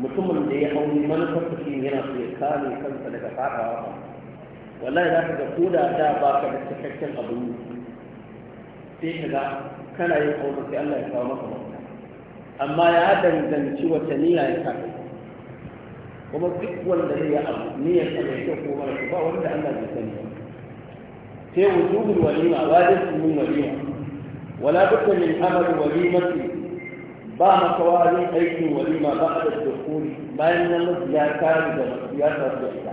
mutumin da ya auni manufar shi yana so ya kare kansa daga fadawa ba wallahi za ka ga ko da da ba ka da cikakken abin yi. sai ka ga kana yin aure sai Allah ya kawo maka mafita amma ya danganci wata niyya ya sa kuma duk wanda zai yi abu niyyar sa mai kyau ko mara ba wanda Allah bai sani ba sai wujubul walima wajibin min walima wala budda min amal walimati ba makawa yin aikin walima ba a da dukuri bayan nan mafi ya kare da masu ya tafi da ita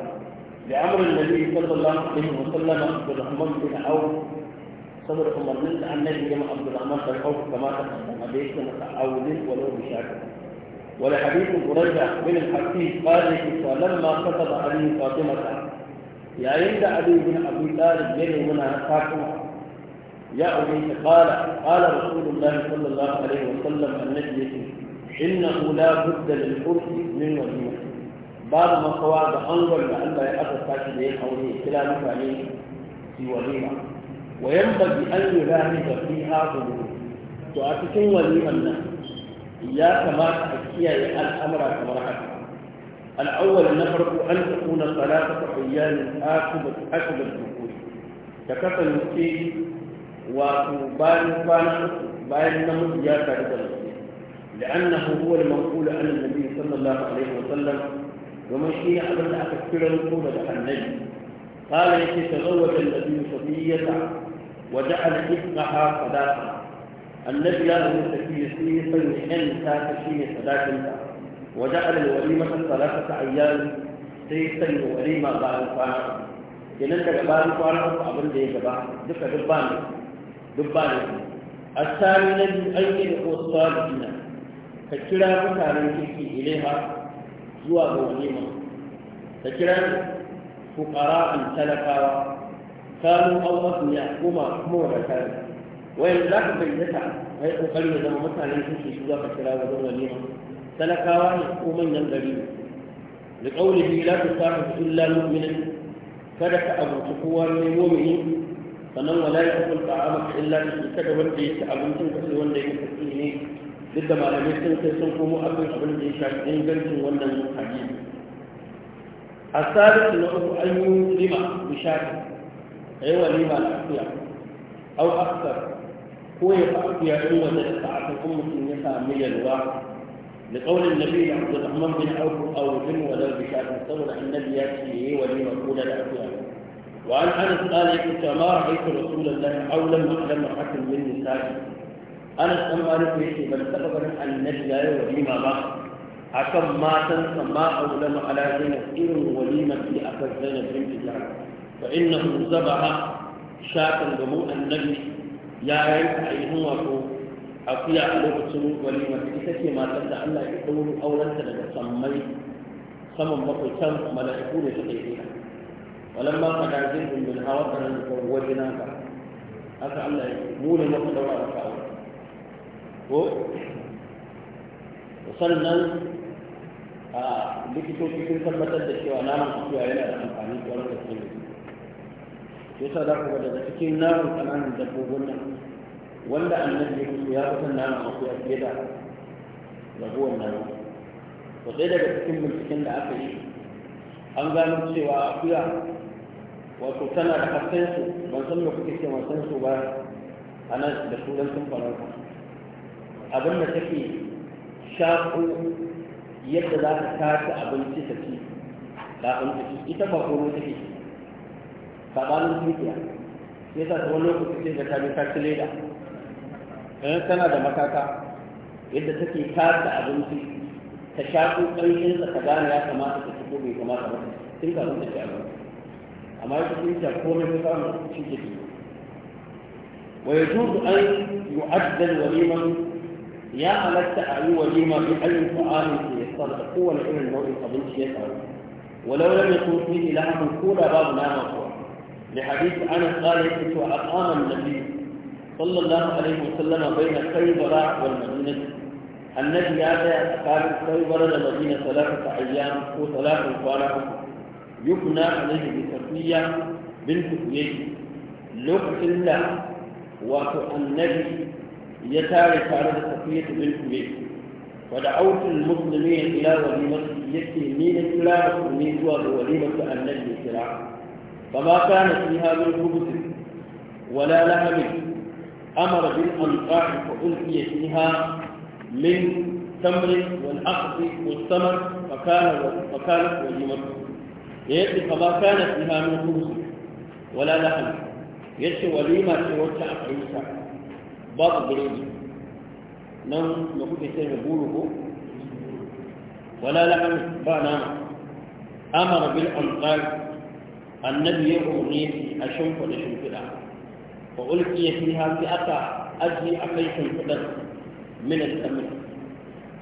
da amurin da zai sallallahu alaihi wa sallama da rahman bin au saboda umarnin da annabi ya ma abdurrahman bin au kama ta kaddama da yake masa aulin walau bi shaka wala hadithun qurayza min al-hakim qala fa lamma kataba ali fatimata yayin da ali bin abu talib ya nemi na fatima يا أبي قال قال رسول الله صلى الله عليه وسلم النبي إنه لا بد للحرث من وليمة بعد ما قواعد أنظر لأن يأثر تاكد إيه حوله كلامك عليه في وليمة وينبغي أن يلاحظ فيها غلوه وأتكن وليمة الناس إياك ما تحكي الأمر كما رحك الأول نفرق أن تكون ثلاثة أيام آكبت أكبت الدخول تكفل في wato bayan kwana uku bayan namiji لأنه هو المنقول عن النبي صلى الله عليه وسلم ومن شيء أبدا أكثر القول النبي قال يكي تزوج النبي صفية وجعل إفقها صداقة النبي لا أن تكي سيسا لأن تاكشي صداقة وجعل الوليمة ثلاثة أيام سيسا الوليمة بعد فانا kenan daga bayan kwana uku abin da ya duk ba da su asali na biyu aiki da kuma salihina ka kira mutanen kirki ilaiha zuwa ga walima ka kira fukara fuqara'in talakawa kanu awwatu ya kuma kuma da kai wayan za ka bayyana kai kokari da zama mutanen kirki su za ka kira wajen walima talakawa ne ko manyan gari ne لقوله لا تصاحب إلا مؤمنا فلك أبو تقوى من مؤمن sannan wala ya kafin ta'amaka illa da shi kada wanda ya ci abincin ka wanda ya kafi ne duk da malamai sun kai sun komo akan abin da ya shafi ingancin wannan hadisi الثالث نعرف أن يلم بشاكل أيوة لما الأحياء أو أكثر Da يفعل يا أمة ساعة أمة النساء bin الواقع a النبي عبد الرحمن بن عوف أو جن ولو بشاكل سبب النبي يأتي ولما قول الأحياء وعن انس قال يقول ما رايت رسول الله اولا محلما حكم من نسائي انس ان مالك يشي بل سبب النبي لا وليما ما حكم ما تنسى ما اولم على زينب ان وليمه في اخر زينب بنت جعفر فانه ذبح شاة دموع النبي يا ريت ايهما akuya a lokacin walimar ita ce matar da Allah ya ɗauro aurenta daga sammai saman bakwai can mala'iku ne suka yi ولما قد عزيز من هاوطنا زوجناك هذا الله مو لما تدور ko sannan a likitoci sun tabbatar da cewa naman akuya yana da amfani kwarar da kuma ya sa za ku ga daga cikin naman kananan dabbobin nan wanda annabi ya kusa ya kusan naman akuya fiye da raguwar nama to daga cikin binciken da aka yi an cewa akuya wato tana da hasensu ban san me kuke ce hasensu ba a nan da turancin faransa abin da take shaƙo yadda za ta kasa abinci ta ci da ta ci ita ba koro take sabanin ya sai ta wani lokaci sai da ta bi ta ci leda ɗan eh, tana da makaka yadda take kasa abinci ta shaƙo ƙarshen ta gane ya kamata ta ci ko bai kamata ba tun kafin ta ci abinci ويجوز أن يعد الوليمة يا ألت أعي وليمة بأي طعام يصطلق قوة لإن النوع القبيل يسأل ولو لم يكن فيه لحم كولا باب نام لحديث أنس قال يكتب أقام النبي صلى الله عليه وسلم بين خيبر والمدينة النبي هذا قال خيبر المدينة ثلاثة أيام وثلاثة فارغ yukuna alaihi bi safiya bin kufiyai lokacin da wato annabi ya tare tare da safiya bin kufiyai wa da autul muslimi ya kila walima yake ni na kila musulmi zuwa ga walima ta annabi ya kira fa ma kana fi hadin hubuti wala lahabi amara bil anqa'i fa ulqiya fiha min tamrin wal aqdi wal samar fa kana wa kana yace fa ma kana fiha min khubz wala lahm yace walima ce wacce a yi ta babu biredi nan da kuke ce mai buru ko wala lahm ba nama amara bil amsal annabi ya umarni a shimfiɗa shimfiɗa fa ulqiya fiha fi aka aji akai shimfiɗar min al-tamr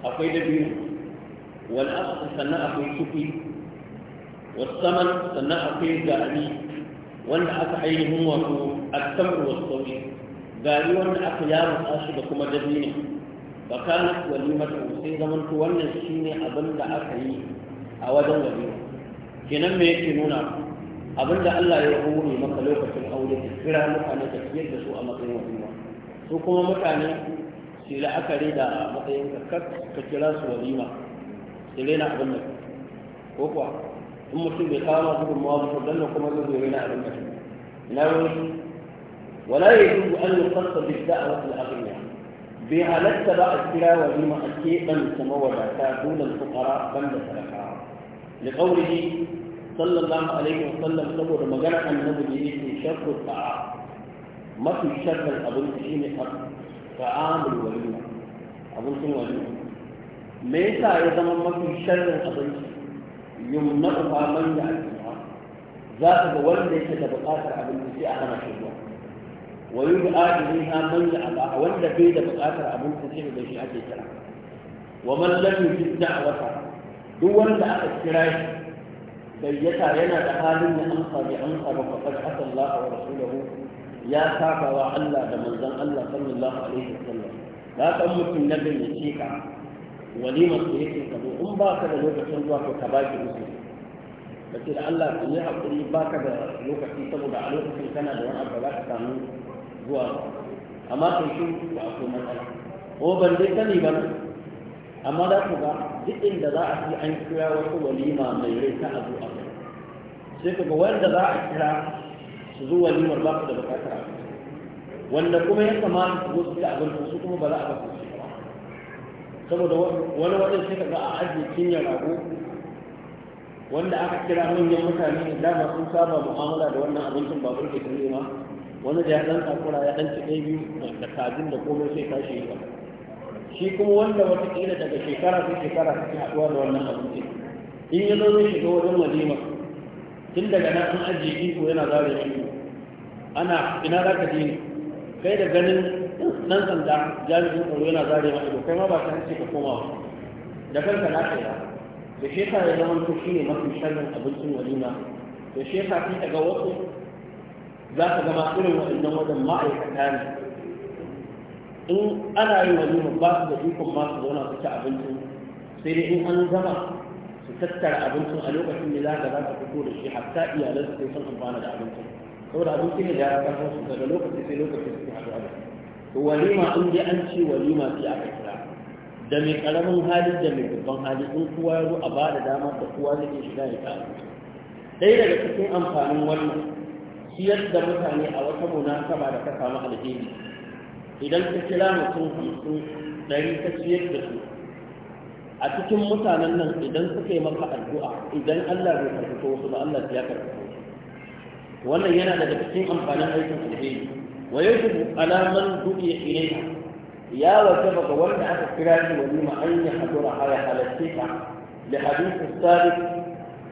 akwai da biyu wal asr sannan akwai sufi والثمن sannan akwai gari wanda aka ainihin wato al-tamr was-sawi gari wanda aka yaro shi da kuma dabino fa kana walimatu sai zaman wannan shine abin da aka yi a wajen walima kenan me yake nuna abin da Allah ya hore maka lokacin aure ka kira mutane ka fiye da su a matsayin walima kuma mutane kira su walima ko kuwa ثم في الإقامة في masu gudunmawa ba to dan kuma ولا يجوز أن يخص بالدعوة الأغنياء بها لا بهالت التلاوة بما وليما أكيئا سمودا تكون الفقراء بل سلكا لقوله صلى الله عليه وسلم صبر مجرى النبي في شر الطعام ما في شر الأبن تشين طعام الوليمة أبن تشين وليمة ليس أيضا ما في شر الأبن yumna'uha man ya'tiha za ka ga wanda yake da buƙatar abinci sai a hana shi ruwa wa yud'a ilayha man ya'ba wanda bai da buƙatar abinci sai da shi ake kira wa man lam a da'wata duk wanda aka kira shi bayyata yana da halin da amsa bai amsa ba fa qad asallahu wa rasuluhu ya saba wa Allah da manzon Allah sallallahu alaihi wasallam da kan mutum na gayyace ka walimar su yake ka zo in ba ka da lokacin zuwa ko ka baki usul ka ce da Allah ka yi haƙuri ba ka da lokaci saboda a lokacin kana da wani abu ba ka samu zuwa amma kai shi ba akwai matsala ko ban dai sani ba amma za ku ga duk inda za a ci an kira wasu walima mai rai ta azu a kai sai ka ga wanda za a kira su zo walimar ba su da bukatar wanda kuma ya kamata su zo su ci abinci su kuma ba za a ba su saboda wani wajen suka ga a ajiye cinyar rago wanda aka kira manyan mutane da dama sun saba mu'amala da wannan abincin babur burge su ma wani da ya dan takura ya dan cike biyu da kajin da komai sai tashi yi shi kuma wanda wata kila daga shekara sai shekara suke haɗuwa da wannan abincin in ya zo zai shiga wajen walima tun daga nan an ajiye iko yana zare shi ana ina za ka je kai da ganin dan sanda jami'in tsaro yana zare ma ido kai ma ba ta ce ka koma da kanka na kai da sheka ya zama to shine mafi sharrin abincin walima da sheka sai ka ga wasu za ka gama irin waɗannan wajen ma'aikata ne in ana yin walima ba su da ikon ma su zauna su ci abincin sai dai in an zama su tattara abincin a lokacin da za ka za ka fito da shi hatta iyalan su sun amfana da abincin saboda abinci ne da ya kasar su daga lokaci sai lokaci su haɗu a walima in dai an ce walima sai aka kira da mai karamin hali da mai babban hali in kowa ya zo a ba da dama da kowa zai iya shiga ya kawo ɗaya daga cikin amfanin wannan siyar da mutane a wata saba da ka samu alheri idan ka kira mutum hamsin ɗari ka siyar da su a cikin mutanen nan idan suka yi maka addu'a idan Allah bai karfafa wasu ba Allah ya karfafa wannan yana daga cikin amfanin aikin alheri wa yajibu ala man du'i ilayha ya wa kama ka wanda aka kira shi walima ma an yi hadura haya halatti ka da hadisi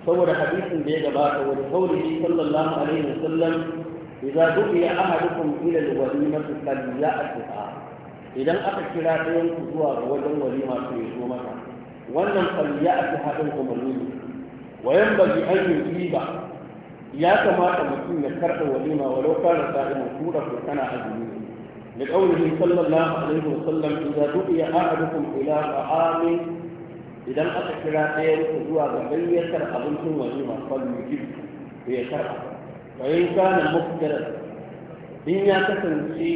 saboda hadisin da ya gabata wani kauli shi sallallahu alaihi wa sallam idan du'i ya aha dukkan ilal wani masu kalliya a tuka idan aka kira ɗayan ku zuwa ga wajen wani masu yi zo wannan kalliya a tuka ɗin kuma ne wayan ba zai an yi ba ya kamata mutum ya karɓa walima walau kana sa'iman ko da ko kana azumi ne da kaulin sallallahu alaihi wa sallam idza du'iya ahadukum ila ta'ami idan aka kira ɗaya ku zuwa ga gayyatar abincin walima fal yujib ya karɓa fa in kana muftara in ya kasance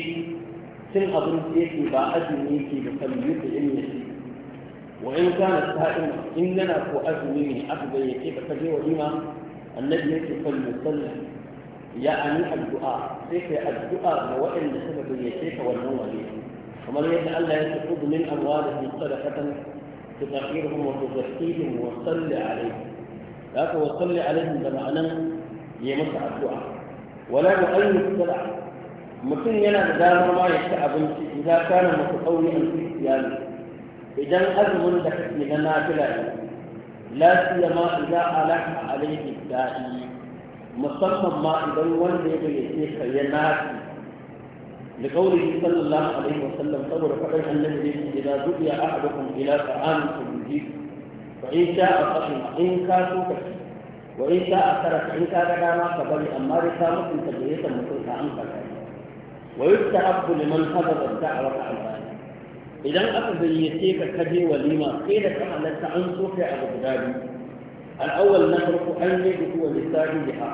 cin abinci yake ba azumi yake da fal yujib ya ci wa in kana sa'iman in yana ko azumi ne aka gayyace ka je walima annabi yake kan musalli ya ani addu'a sai kai addu'a ga waɗanda suka gayyace ka wannan waje kamar yadda Allah ya tafi min amwalihim sadaqatan tutahhiruhum wa tuzakkihim wa salli alaihim haka wa salli alaihim da ma'anan ya masa addu'a wala yu'ayyu sadaq mutum yana da damar ma ya ci abinci idan kana mutu a an iyali. idan azumin da kake na nafila ne la siyama idza alaka alayhi da'i musamman ma idan wanda ya bayyana ka ya nafi da kaurihi sallallahu alaihi wasallam saboda faɗin annabi ne idza du'iya ahadukum ila ta'amin tuji fa in a fa'ima in ka so ka ci wa in sha'a taraka in ka ga dama ka bari amma dai ka mutunta da yasa mutunta an ka wa yustahabbu liman hadara da'wata al idan aka gayyace ka kaje walima sai da ka halatta an so kai abu guda biyu al'awwal na farko an yi duk wani sabi da ha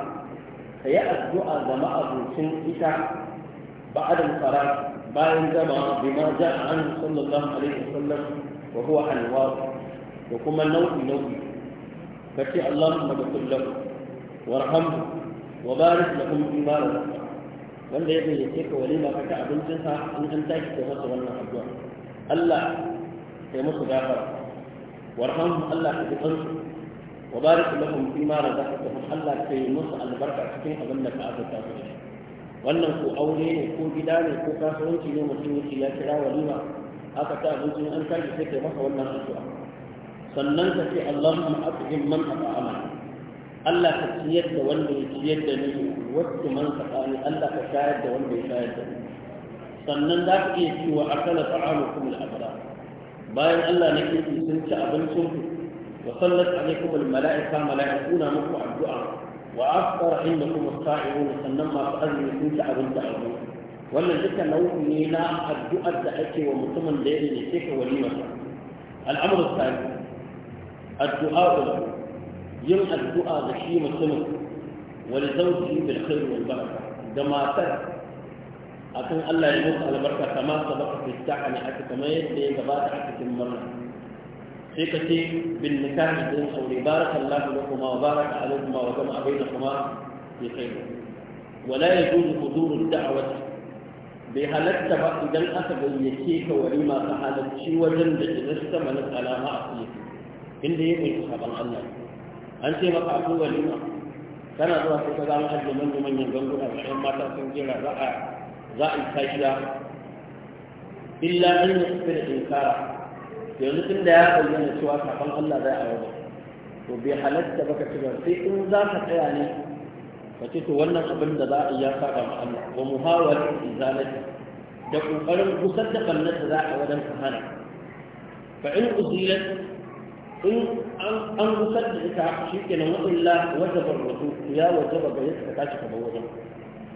ka yi addu'a ga ma'abucin ita ba'adin fara bayan gama bima ja a an sallallahu alaihi wasallam wa huwa anwa da kuma nau'i nau'i ka ce allahumma da kullum warhamhu wa barik lahum fi ma wanda ya gayyace ka walima ka ta abincinsa an an tashi ka masa wannan Allah ya musu gafara warhamhum Allah ka jikan su wa barik lahum fi ma razaqtahum Allah kai musu albarka cikin abin da ka azurta su wannan ko aure ne ko gida ne ko kasuwanci ne mutum yake ya kira walima aka ta abincin an tashi sai kai masa wannan addu'a sannan ka ce Allahumma at'im man at'ama Allah ka ciyar da wanda ya ciyar da ni wasu man ka Allah ka shayar da wanda ya shayar da ni sannan za ka iya cewa a kala ta'amu kuma da al'abara bayan Allah na kirki sun ci abincin ku wa sallat alaikum al-mala'ika mala'ikuna muku addu'a wa afqara innakum as-sa'irun sannan ma azumi sun ci abinci a wurin wannan duka nau'i ne na addu'ar da ake wa mutumin da ya ne sai ka wani masa al'amru tsari addu'a yin addu'a da shi mutumin wani zawji bil khair wal baraka da matar akan Allah ya muku albarka kama sabaka fi sahani aka kama yadda ya gabata a cikin murna sai ka ce bin nikahi din aure barakallahu lakuma wa baraka alaykuma wa jama'a bainakuma fi khair wala yajuzu huduru ad-da'wati bai halatta ba idan aka gayyace ka wari masu halarci wajen da jinasta mana alama a fiye inda ya kai sabon Allah an ce maka akwai walima kana zuwa sai ka zama hajji manyan manyan ganguna da ƴan mata sun jira za a za a yi kashiya illa an yi sufin inkara yanzu tun da ya bayyana cewa kafin Allah zai a wajen to bai halatta baka ci sai in za ka tsaya ne ka ce to wannan abin da za a yi ya saba ma Allah wa muhawarar izalati da kokarin gusar da bannar da za a wajen ka hana fa in uzilat in an gusar da ita shi kenan wa illa wajaba rutu ya wajaba ga yadda ka tashi kamar wajen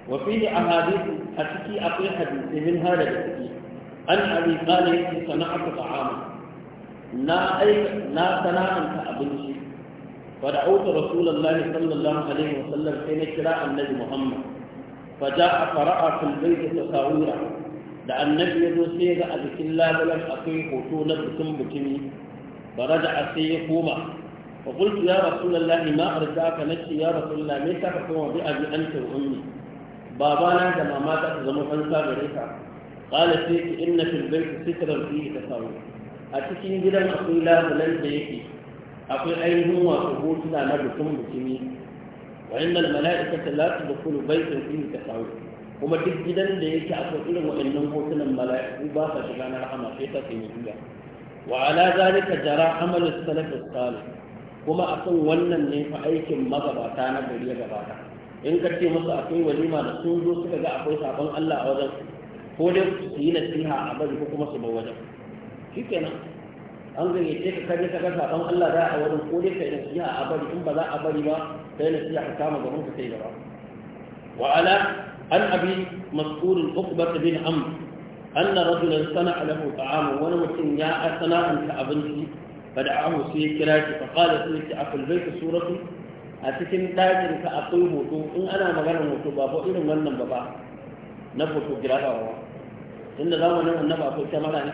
وفيه أحاديث أتكي أقل حديث من هذا الأتكي أن أبي قال يكي صنعت طعاما لا أيك لا صنع أنت أبنشي فدعوت رسول الله صلى الله عليه وسلم حين كراء النبي محمد فجاء فرأى في البيت تصاويرا da annabi ya zo sai ga a bikin labulan akwai hoto na bikin bikini faraja sai ya koma fa qultu ya rasulullahi ma na nace ya rasulullahi me ka koma bi abi anta wa ummi babana da mama ta zama fansa gare ka qala sai ki inna fil bayti sitran fi tasawu a cikin gidan akwai labulan da yake akwai ainihin wasu hotuna na bikin bikini wa inna al mala'ikata la tadkhulu baytan fi tasawu kuma duk gidan da yake akwai irin waɗannan hotunan mala'iku ba sa shiga na rahama sai ta sanya duya wa ala zalika jara amal as-salaf as-salih kuma akan wannan ne fa aikin magabata na gari ya gabata in ka ce musu akwai walima da sun zo suka ga akwai sabon Allah a wajen ko dai su yi nasiha a bari ko kuma su bar wajen shikenan an gayyace ka kaje ka ga sabon Allah za a wajen ko dai kai nasiha a bari in ba za a bari ba kai nasiha ka kama gaban ka sai gaba wa ala an abi mas'ul uqbat bin amr أن رجلا صنع له طعاما ونمت يا صنع أنت أبنتي فدعاه سيكراتي فقال سيكي أفي البيت سورة a cikin ɗakin ka akwai hoto in ana magana hoto ba ko irin wannan ba ba na hoto giradawa inda zamanin ko ta kyamara ne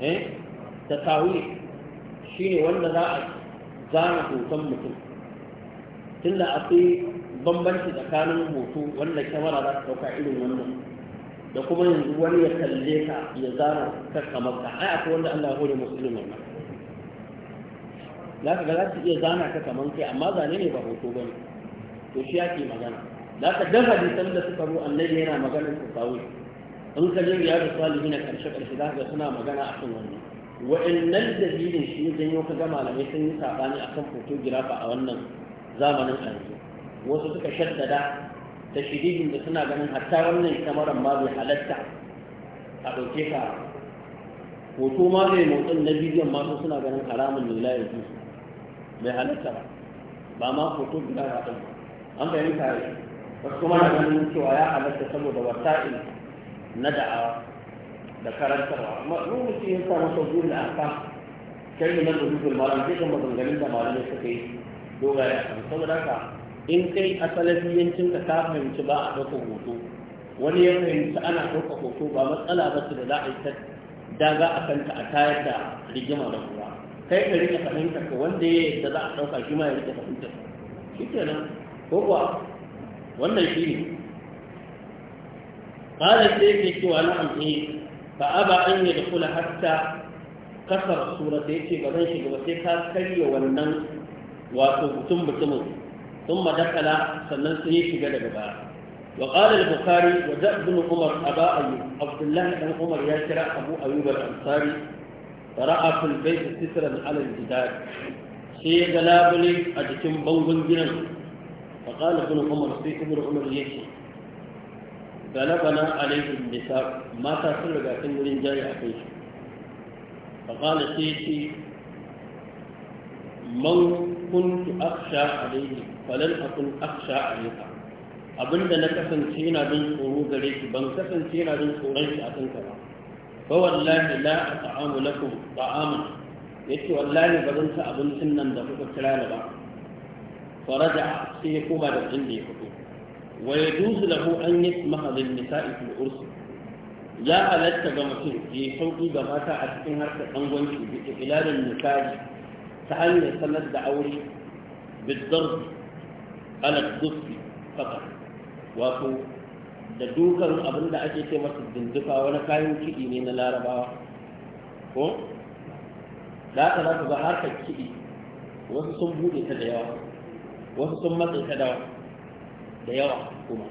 eh ta tawi ne wanda za a zama hoton mutum tunda akwai bambanci tsakanin hoto wanda kyamara za ta ɗauka irin wannan da kuma yanzu wani ya kalle ka ya zana ka kamar ka ai akwai wanda Allah ya hore musulmi wannan za ka ga za ta iya zana ka kamar kai amma zane ne ba hoto ba ne to shi yake magana za ka dan hadisan da suka zo annabi yana magana su kawo in ka je salihi na karshe karshe za ka ga suna magana a kan wannan wa'annan dalilin shi yi ka ga malamai sun yi sabani akan girafa a wannan zamanin a yanzu wasu suka shaddada da shididin da suna ganin hatta wannan kamaran ma bai halatta a ɗauke ka hoto ma bai motsin na bidiyon ma suna ganin haramun ne Mai halitta ba ba ma hoto guda na ɗin an bayan kare wasu kuma na ganin cewa ya halitta saboda wasa'il na da'awa da karantarwa amma in mutum ya samu sauƙi da aka kai na rubutun malam zai ga maganganun da malamai suka yi dogara a saboda haka in kai asalin yancin ka ka fahimci ba a ɗauka hoto wani ya fahimci ana ɗauka hoto ba matsala ba su da za a yi ta daga a kanta a tayar da rigima da kura kai ka rika fahimtar ka wanda ya da za a ɗauka shi ma ya rika fahimtar shi nan, ko kuwa wannan shi ne ƙalar sai yake cewa na eh, amfani ba a ba an yi da kula hatta kasar sura sai ce ba zan shiga ba sai ka karya wannan wato mutum mutumin sun madakala sannan sai ya shiga daga baya وقال a وجاء a عمر أبا أيوب عبد الله بن عمر يا شرع أبو أيوب الأنصاري ra'a fil baiti sitran ala al-jidar sai ya ga labule a cikin bangon gidan fa qala ibn umar sai ibn umar yake galabana alaihim nisa mata sun riga sun wurin jari a kai shi fa qala sai ce man kuntu akhsha alaihi falan akun akhsha alaika abinda na kasance yana jin tsoro gare shi ban kasance yana jin tsoron shi a kanka ba ba wallahi la at'amu lakum ta'aman yace wallahi ba zan ci abincin nan da kuka kira ba faraja sai ya koma da inda ya fito wa yajuzu lahu an yi lin nisa'i fil urs ya halatta ga mutum ya sauki ga mata a cikin harkar dangonci ilalin nisa'i ta hanyar sanar da aure bidar ala dufi da dukan abin da ake ce masa dinduka wani kayan kiɗi ne na larabawa ko da aka za ga harkar kiɗi wasu sun buɗe ta da yawa wasu sun matsa ta da yawa kuma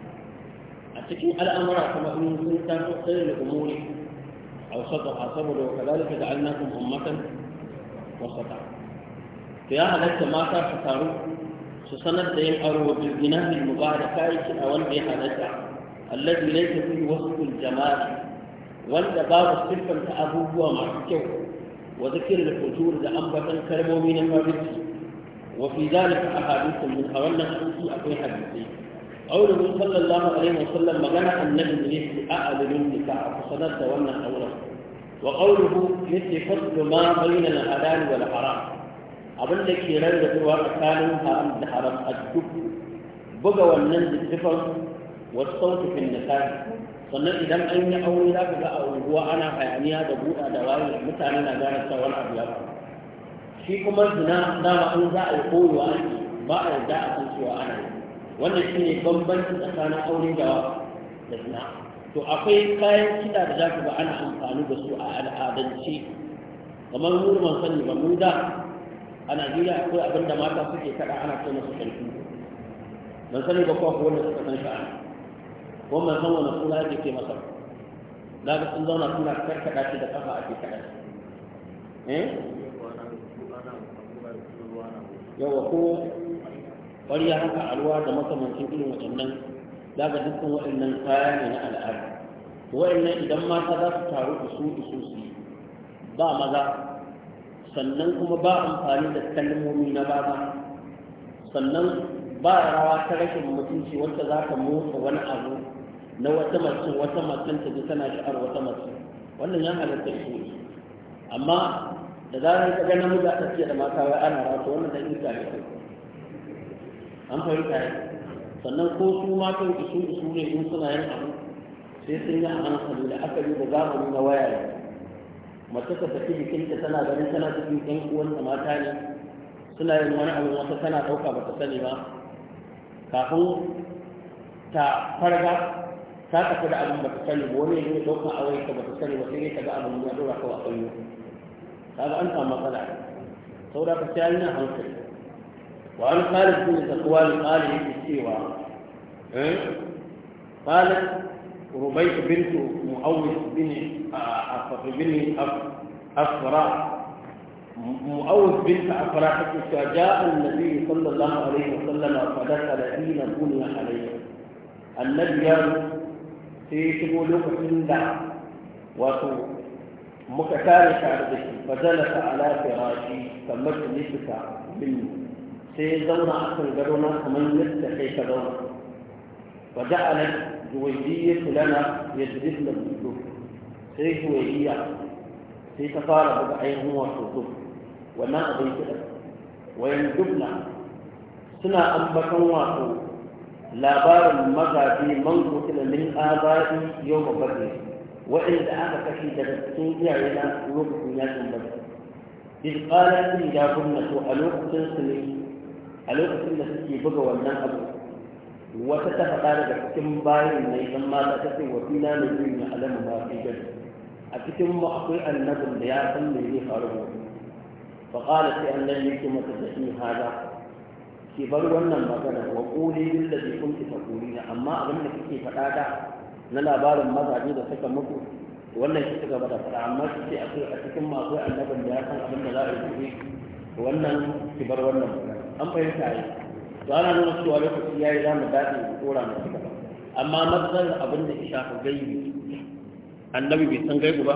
a cikin al'amura kuma in sun taso sai da umuri a wasu a saboda kadalika da annakum ummatan ta. to ya halatta mata su taru su sanar da yin aro da zinahin mubaraka yake a wanda ya halatta allazi ta fi wasfil jamal wanda babu siffanta abubuwa masu kyau wa da fujur da ambatan kalmomi na farici wa fi zalika ahadithun min wannan hadisi akwai hadisi qauluhu sallallahu alaihi wasallam magana annabi ne fi a'lamin nikah kusanar da wannan auren wa qauluhu yati fadlu ma bayna al-halal wal haram abin da ke rarrabewa tsakanin haram da haram a duk buga wannan littafin wasu sautukin da sannan idan an yi aure za ka ga a unguwa ana hayaniya da buɗa da wayo mutane na gane wani abu ya faru shi kuma zina dama an za a yi koyowa ake ba a yarda a san cewa ana yi wannan shi ne bambanci tsakanin aure da da zina to akwai kayan kiɗa da za ka ga ana amfani da su a al'adance kamar mu ban sani ba mu da a najeriya akwai abin da mata suke kaɗa ana kai masu ƙarfi ban sani ba kuwa wanda suka san sha'ani Ko mai san wani suna ake ke masa na ga sun zauna suna karkaɗa shi da kafa ake kaɗa shi eh yawa ko ƙwarya haka alwa da makamancin irin waɗannan za ka dukkan waɗannan kaya ne na al'ada waɗannan idan mata za su taru su isu su ba maza sannan kuma ba amfani da kalmomi na baba sannan ba rawa ta rashin mutunci wacce za ka motsa wani abu na wata mace wata matan ta tana sha'ar wata mace wannan ya halatta shi ne. amma da zarar ka ga namiji a tafiya da mata wai ana rasu wannan da ita ne an fahimta ne sannan ko su matan isu isu ne in suna yin abu sai sun yi a hankali da aka yi da zamani na waya ne mace ta tafi jikinta tana ganin tana cikin ɗan uwanta mata ne suna yin wani abu wata tana ɗauka ba ta sani ba kafin ta farga ka tafi da abin baka sani ba wani ne ɗauka a wai ka baka sani ba sai dai ka ga abin ya ɗora ka wasan yau ka ga an samu matsala saboda ka sai na hankali wa an khalid bin zakwan qali yake cewa eh qalat rubayt bint muawwis bin afra bin afra مؤوس بنت عفراء جاء النبي صلى الله عليه وسلم فدخل دين بني عليه النبي sai ya shigo lokacin da wato muka tare tare da shi fadala ta ya firashi kamar da nisuka min sai ya zauna a kan gado na kamar yadda kai ka zauna Ba a nan, faja'alat ya lana yajlisna bi sai juwaydiyya sai ta fara buga ainihin wato duk wannan abin kiɗa wayan dubna suna ambaton wato labarin mazafi man kutila min abai yau ma bade wa'inda aka kashe daga cikin iyaye na lokacin yakin bade in ƙara ni ya gwamna to a lokacin su ne a lokacin da suke buga wannan abu wata ta faɗa daga cikin bayan mai ɗan mata ta ce wakila na biyu na alamu ba fi gani a cikin mu akwai annabin da ya san me zai faru gobe fa qala sai annabi yake mata da shi hada ki bar wannan magana wa quli lil ladhi kunti taqulina amma abin da kike faɗa da na labarin mazaje da suka muku wannan shi gaba da faɗa amma ki ce akwai a cikin masu annabin da ya san abin da za a yi wannan ki bar wannan magana an fahimta yi to ana nuna cewa lokaci yayi za mu dace mu tsora mu ci amma matsalar abin da ya shafi gaibi annabi bai san gaibi ba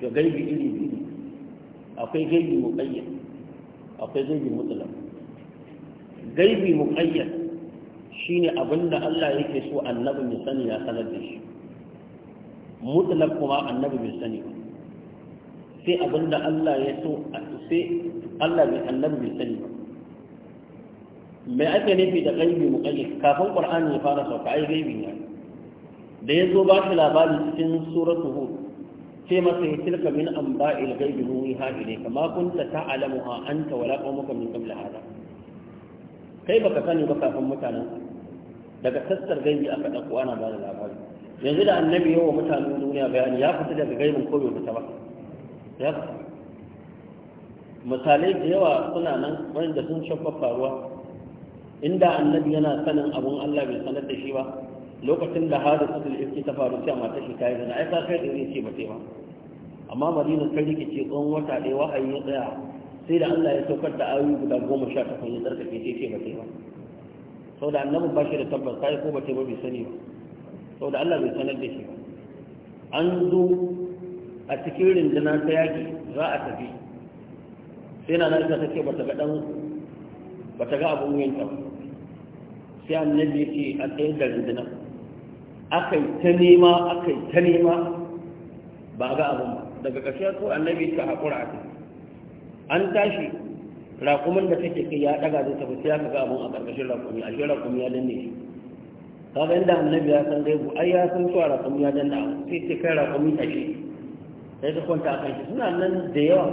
to gaibi iri biyu akwai gaibi muqayyad akwai gaibi mutlaq gaibi shi ne abinda Allah yake so annabi mai sani ya sanar da shi mutlaq kuma annabi mai sani ba sai abinda Allah ya so sai Allah bai annabi mai sani ba Mai ake nufi da gaibi muqayyad kafin qur'ani ya fara sauka ai gaibi ne da ya zo ba shi labari cikin suratul hud sai masa ya tilka min amba'il gaibi nuhi ha ilayka ma kunta ha anta wala qaumuka min qabla hada. kai baka sani ba kafin mutanen daga sassar gaibi aka ɗauko ana ba da labari yanzu da annabi yawa mutanen duniya bayani ya fita daga gaibin ko bai fita ba ya misalai da yawa suna nan wanda sun shafa faruwa inda annabi yana sanin abun Allah bai sanar da shi ba lokacin da hada sutul iski ta faru sai mata shi kai zana ai ka kai da ne ce ba sai ba amma madina ta rikice tsawon wata ɗaya wa'ayi ya tsaya sai da Allah ya saukar da ayoyi guda goma sha takwas ya tsarkake ce ce ba sai ba sau da annabin ba shi da tabbas yi ko ba sai ba bai sani ba sau da Allah bai sanar da shi ba an zo a cikin rinduna ta yaƙi za a tafi sai na nan ta ce ba ta ga dan ba ga abun yanka ba sai annabi ce a tsayin da rinduna aka yi ta nema aka yi ta nema ba ga abun ba daga ƙarshe ko annabi ta haƙura a tafi an tashi raƙumin da take kai ya ɗaga zai tafi sai ka ga abun a ƙarƙashin raƙumi a shi raƙumi ya danne shi kaga inda annabi ya san gaibu ai ya san cewa raƙumi ya danne abu sai ce kai raƙumi ta shi sai ka kwanta a kan shi suna nan da yawa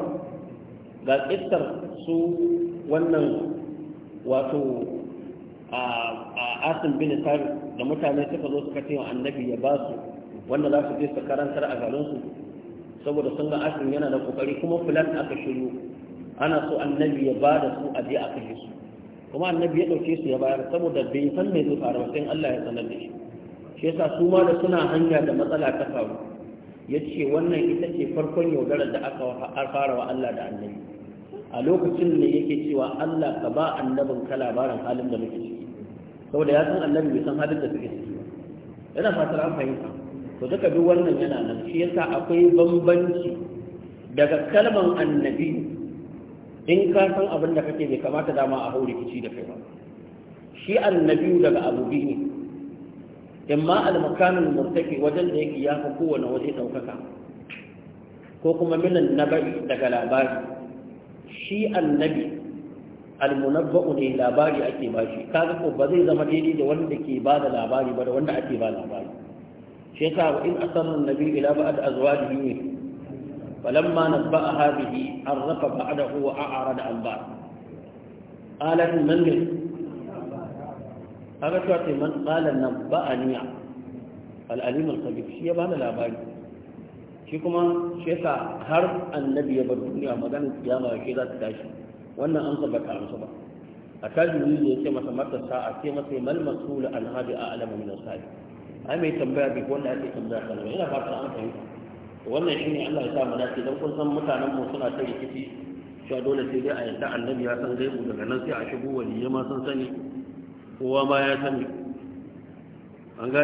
ga tsittar su wannan wato a asin bin da mutane suka zo suka ce wa annabi ya ba su wanda za su je su karantar a garinsu saboda sun ga asin yana da kokari kuma fulan aka shiru ana so annabi ya ba da su a je a kashe su kuma annabi ya ɗauke su ya bayar saboda bai san mai zai faru sai Allah ya sanar da shi shi yasa su ma da suna hanya da matsala ta faru ya ce wannan ita ce farkon yaudarar da aka fara wa Allah da annabi a lokacin ne yake cewa Allah ka ba annabin ka labarin halin da muke ciki saboda ya san annabi bai san halin da suke ciki ba yana fatar an fahimta to duka duk wannan yana nan shi yasa akwai bambanci daga kalman annabi in ka san abin da kake bai kamata dama a hau rikici da kai ba shi annabi daga abu biyu in ma al-makanul murtaki wajen da yake yafa kowane waje daukaka ko kuma minan nabai daga labari shi annabi al-munabba'u ne labari ake bashi ga ko ba zai zama daidai da wanda ke ba da labari ba da wanda ake ba labari shi yasa in asarun nabi ila ba'd azwajihi فلما نبأها به عرف بعده وأعرض عن بعض قالت من من هذا شعر من قال نبأني الأليم الخبيب شيء بان لا بان شيء كما شيء هر النبي يبدوني أمدان القيامة وشيدة تداش وأنا أنت بك عن صبا أكاد يقول لي ما سمعت الساعة كما ما المسؤول عن هذا أعلم من الصالح أمي تنبأ بك ولا أتي تنبأ خلوه إلا فارس أنت wannan shi ne Allah ya sa mu dace dan kun san mutanen mu suna ta rikici cewa dole sai dai a yadda annabi ya san gaibu daga nan sai a shigo waliyya ma sun sani kowa ma ya sani an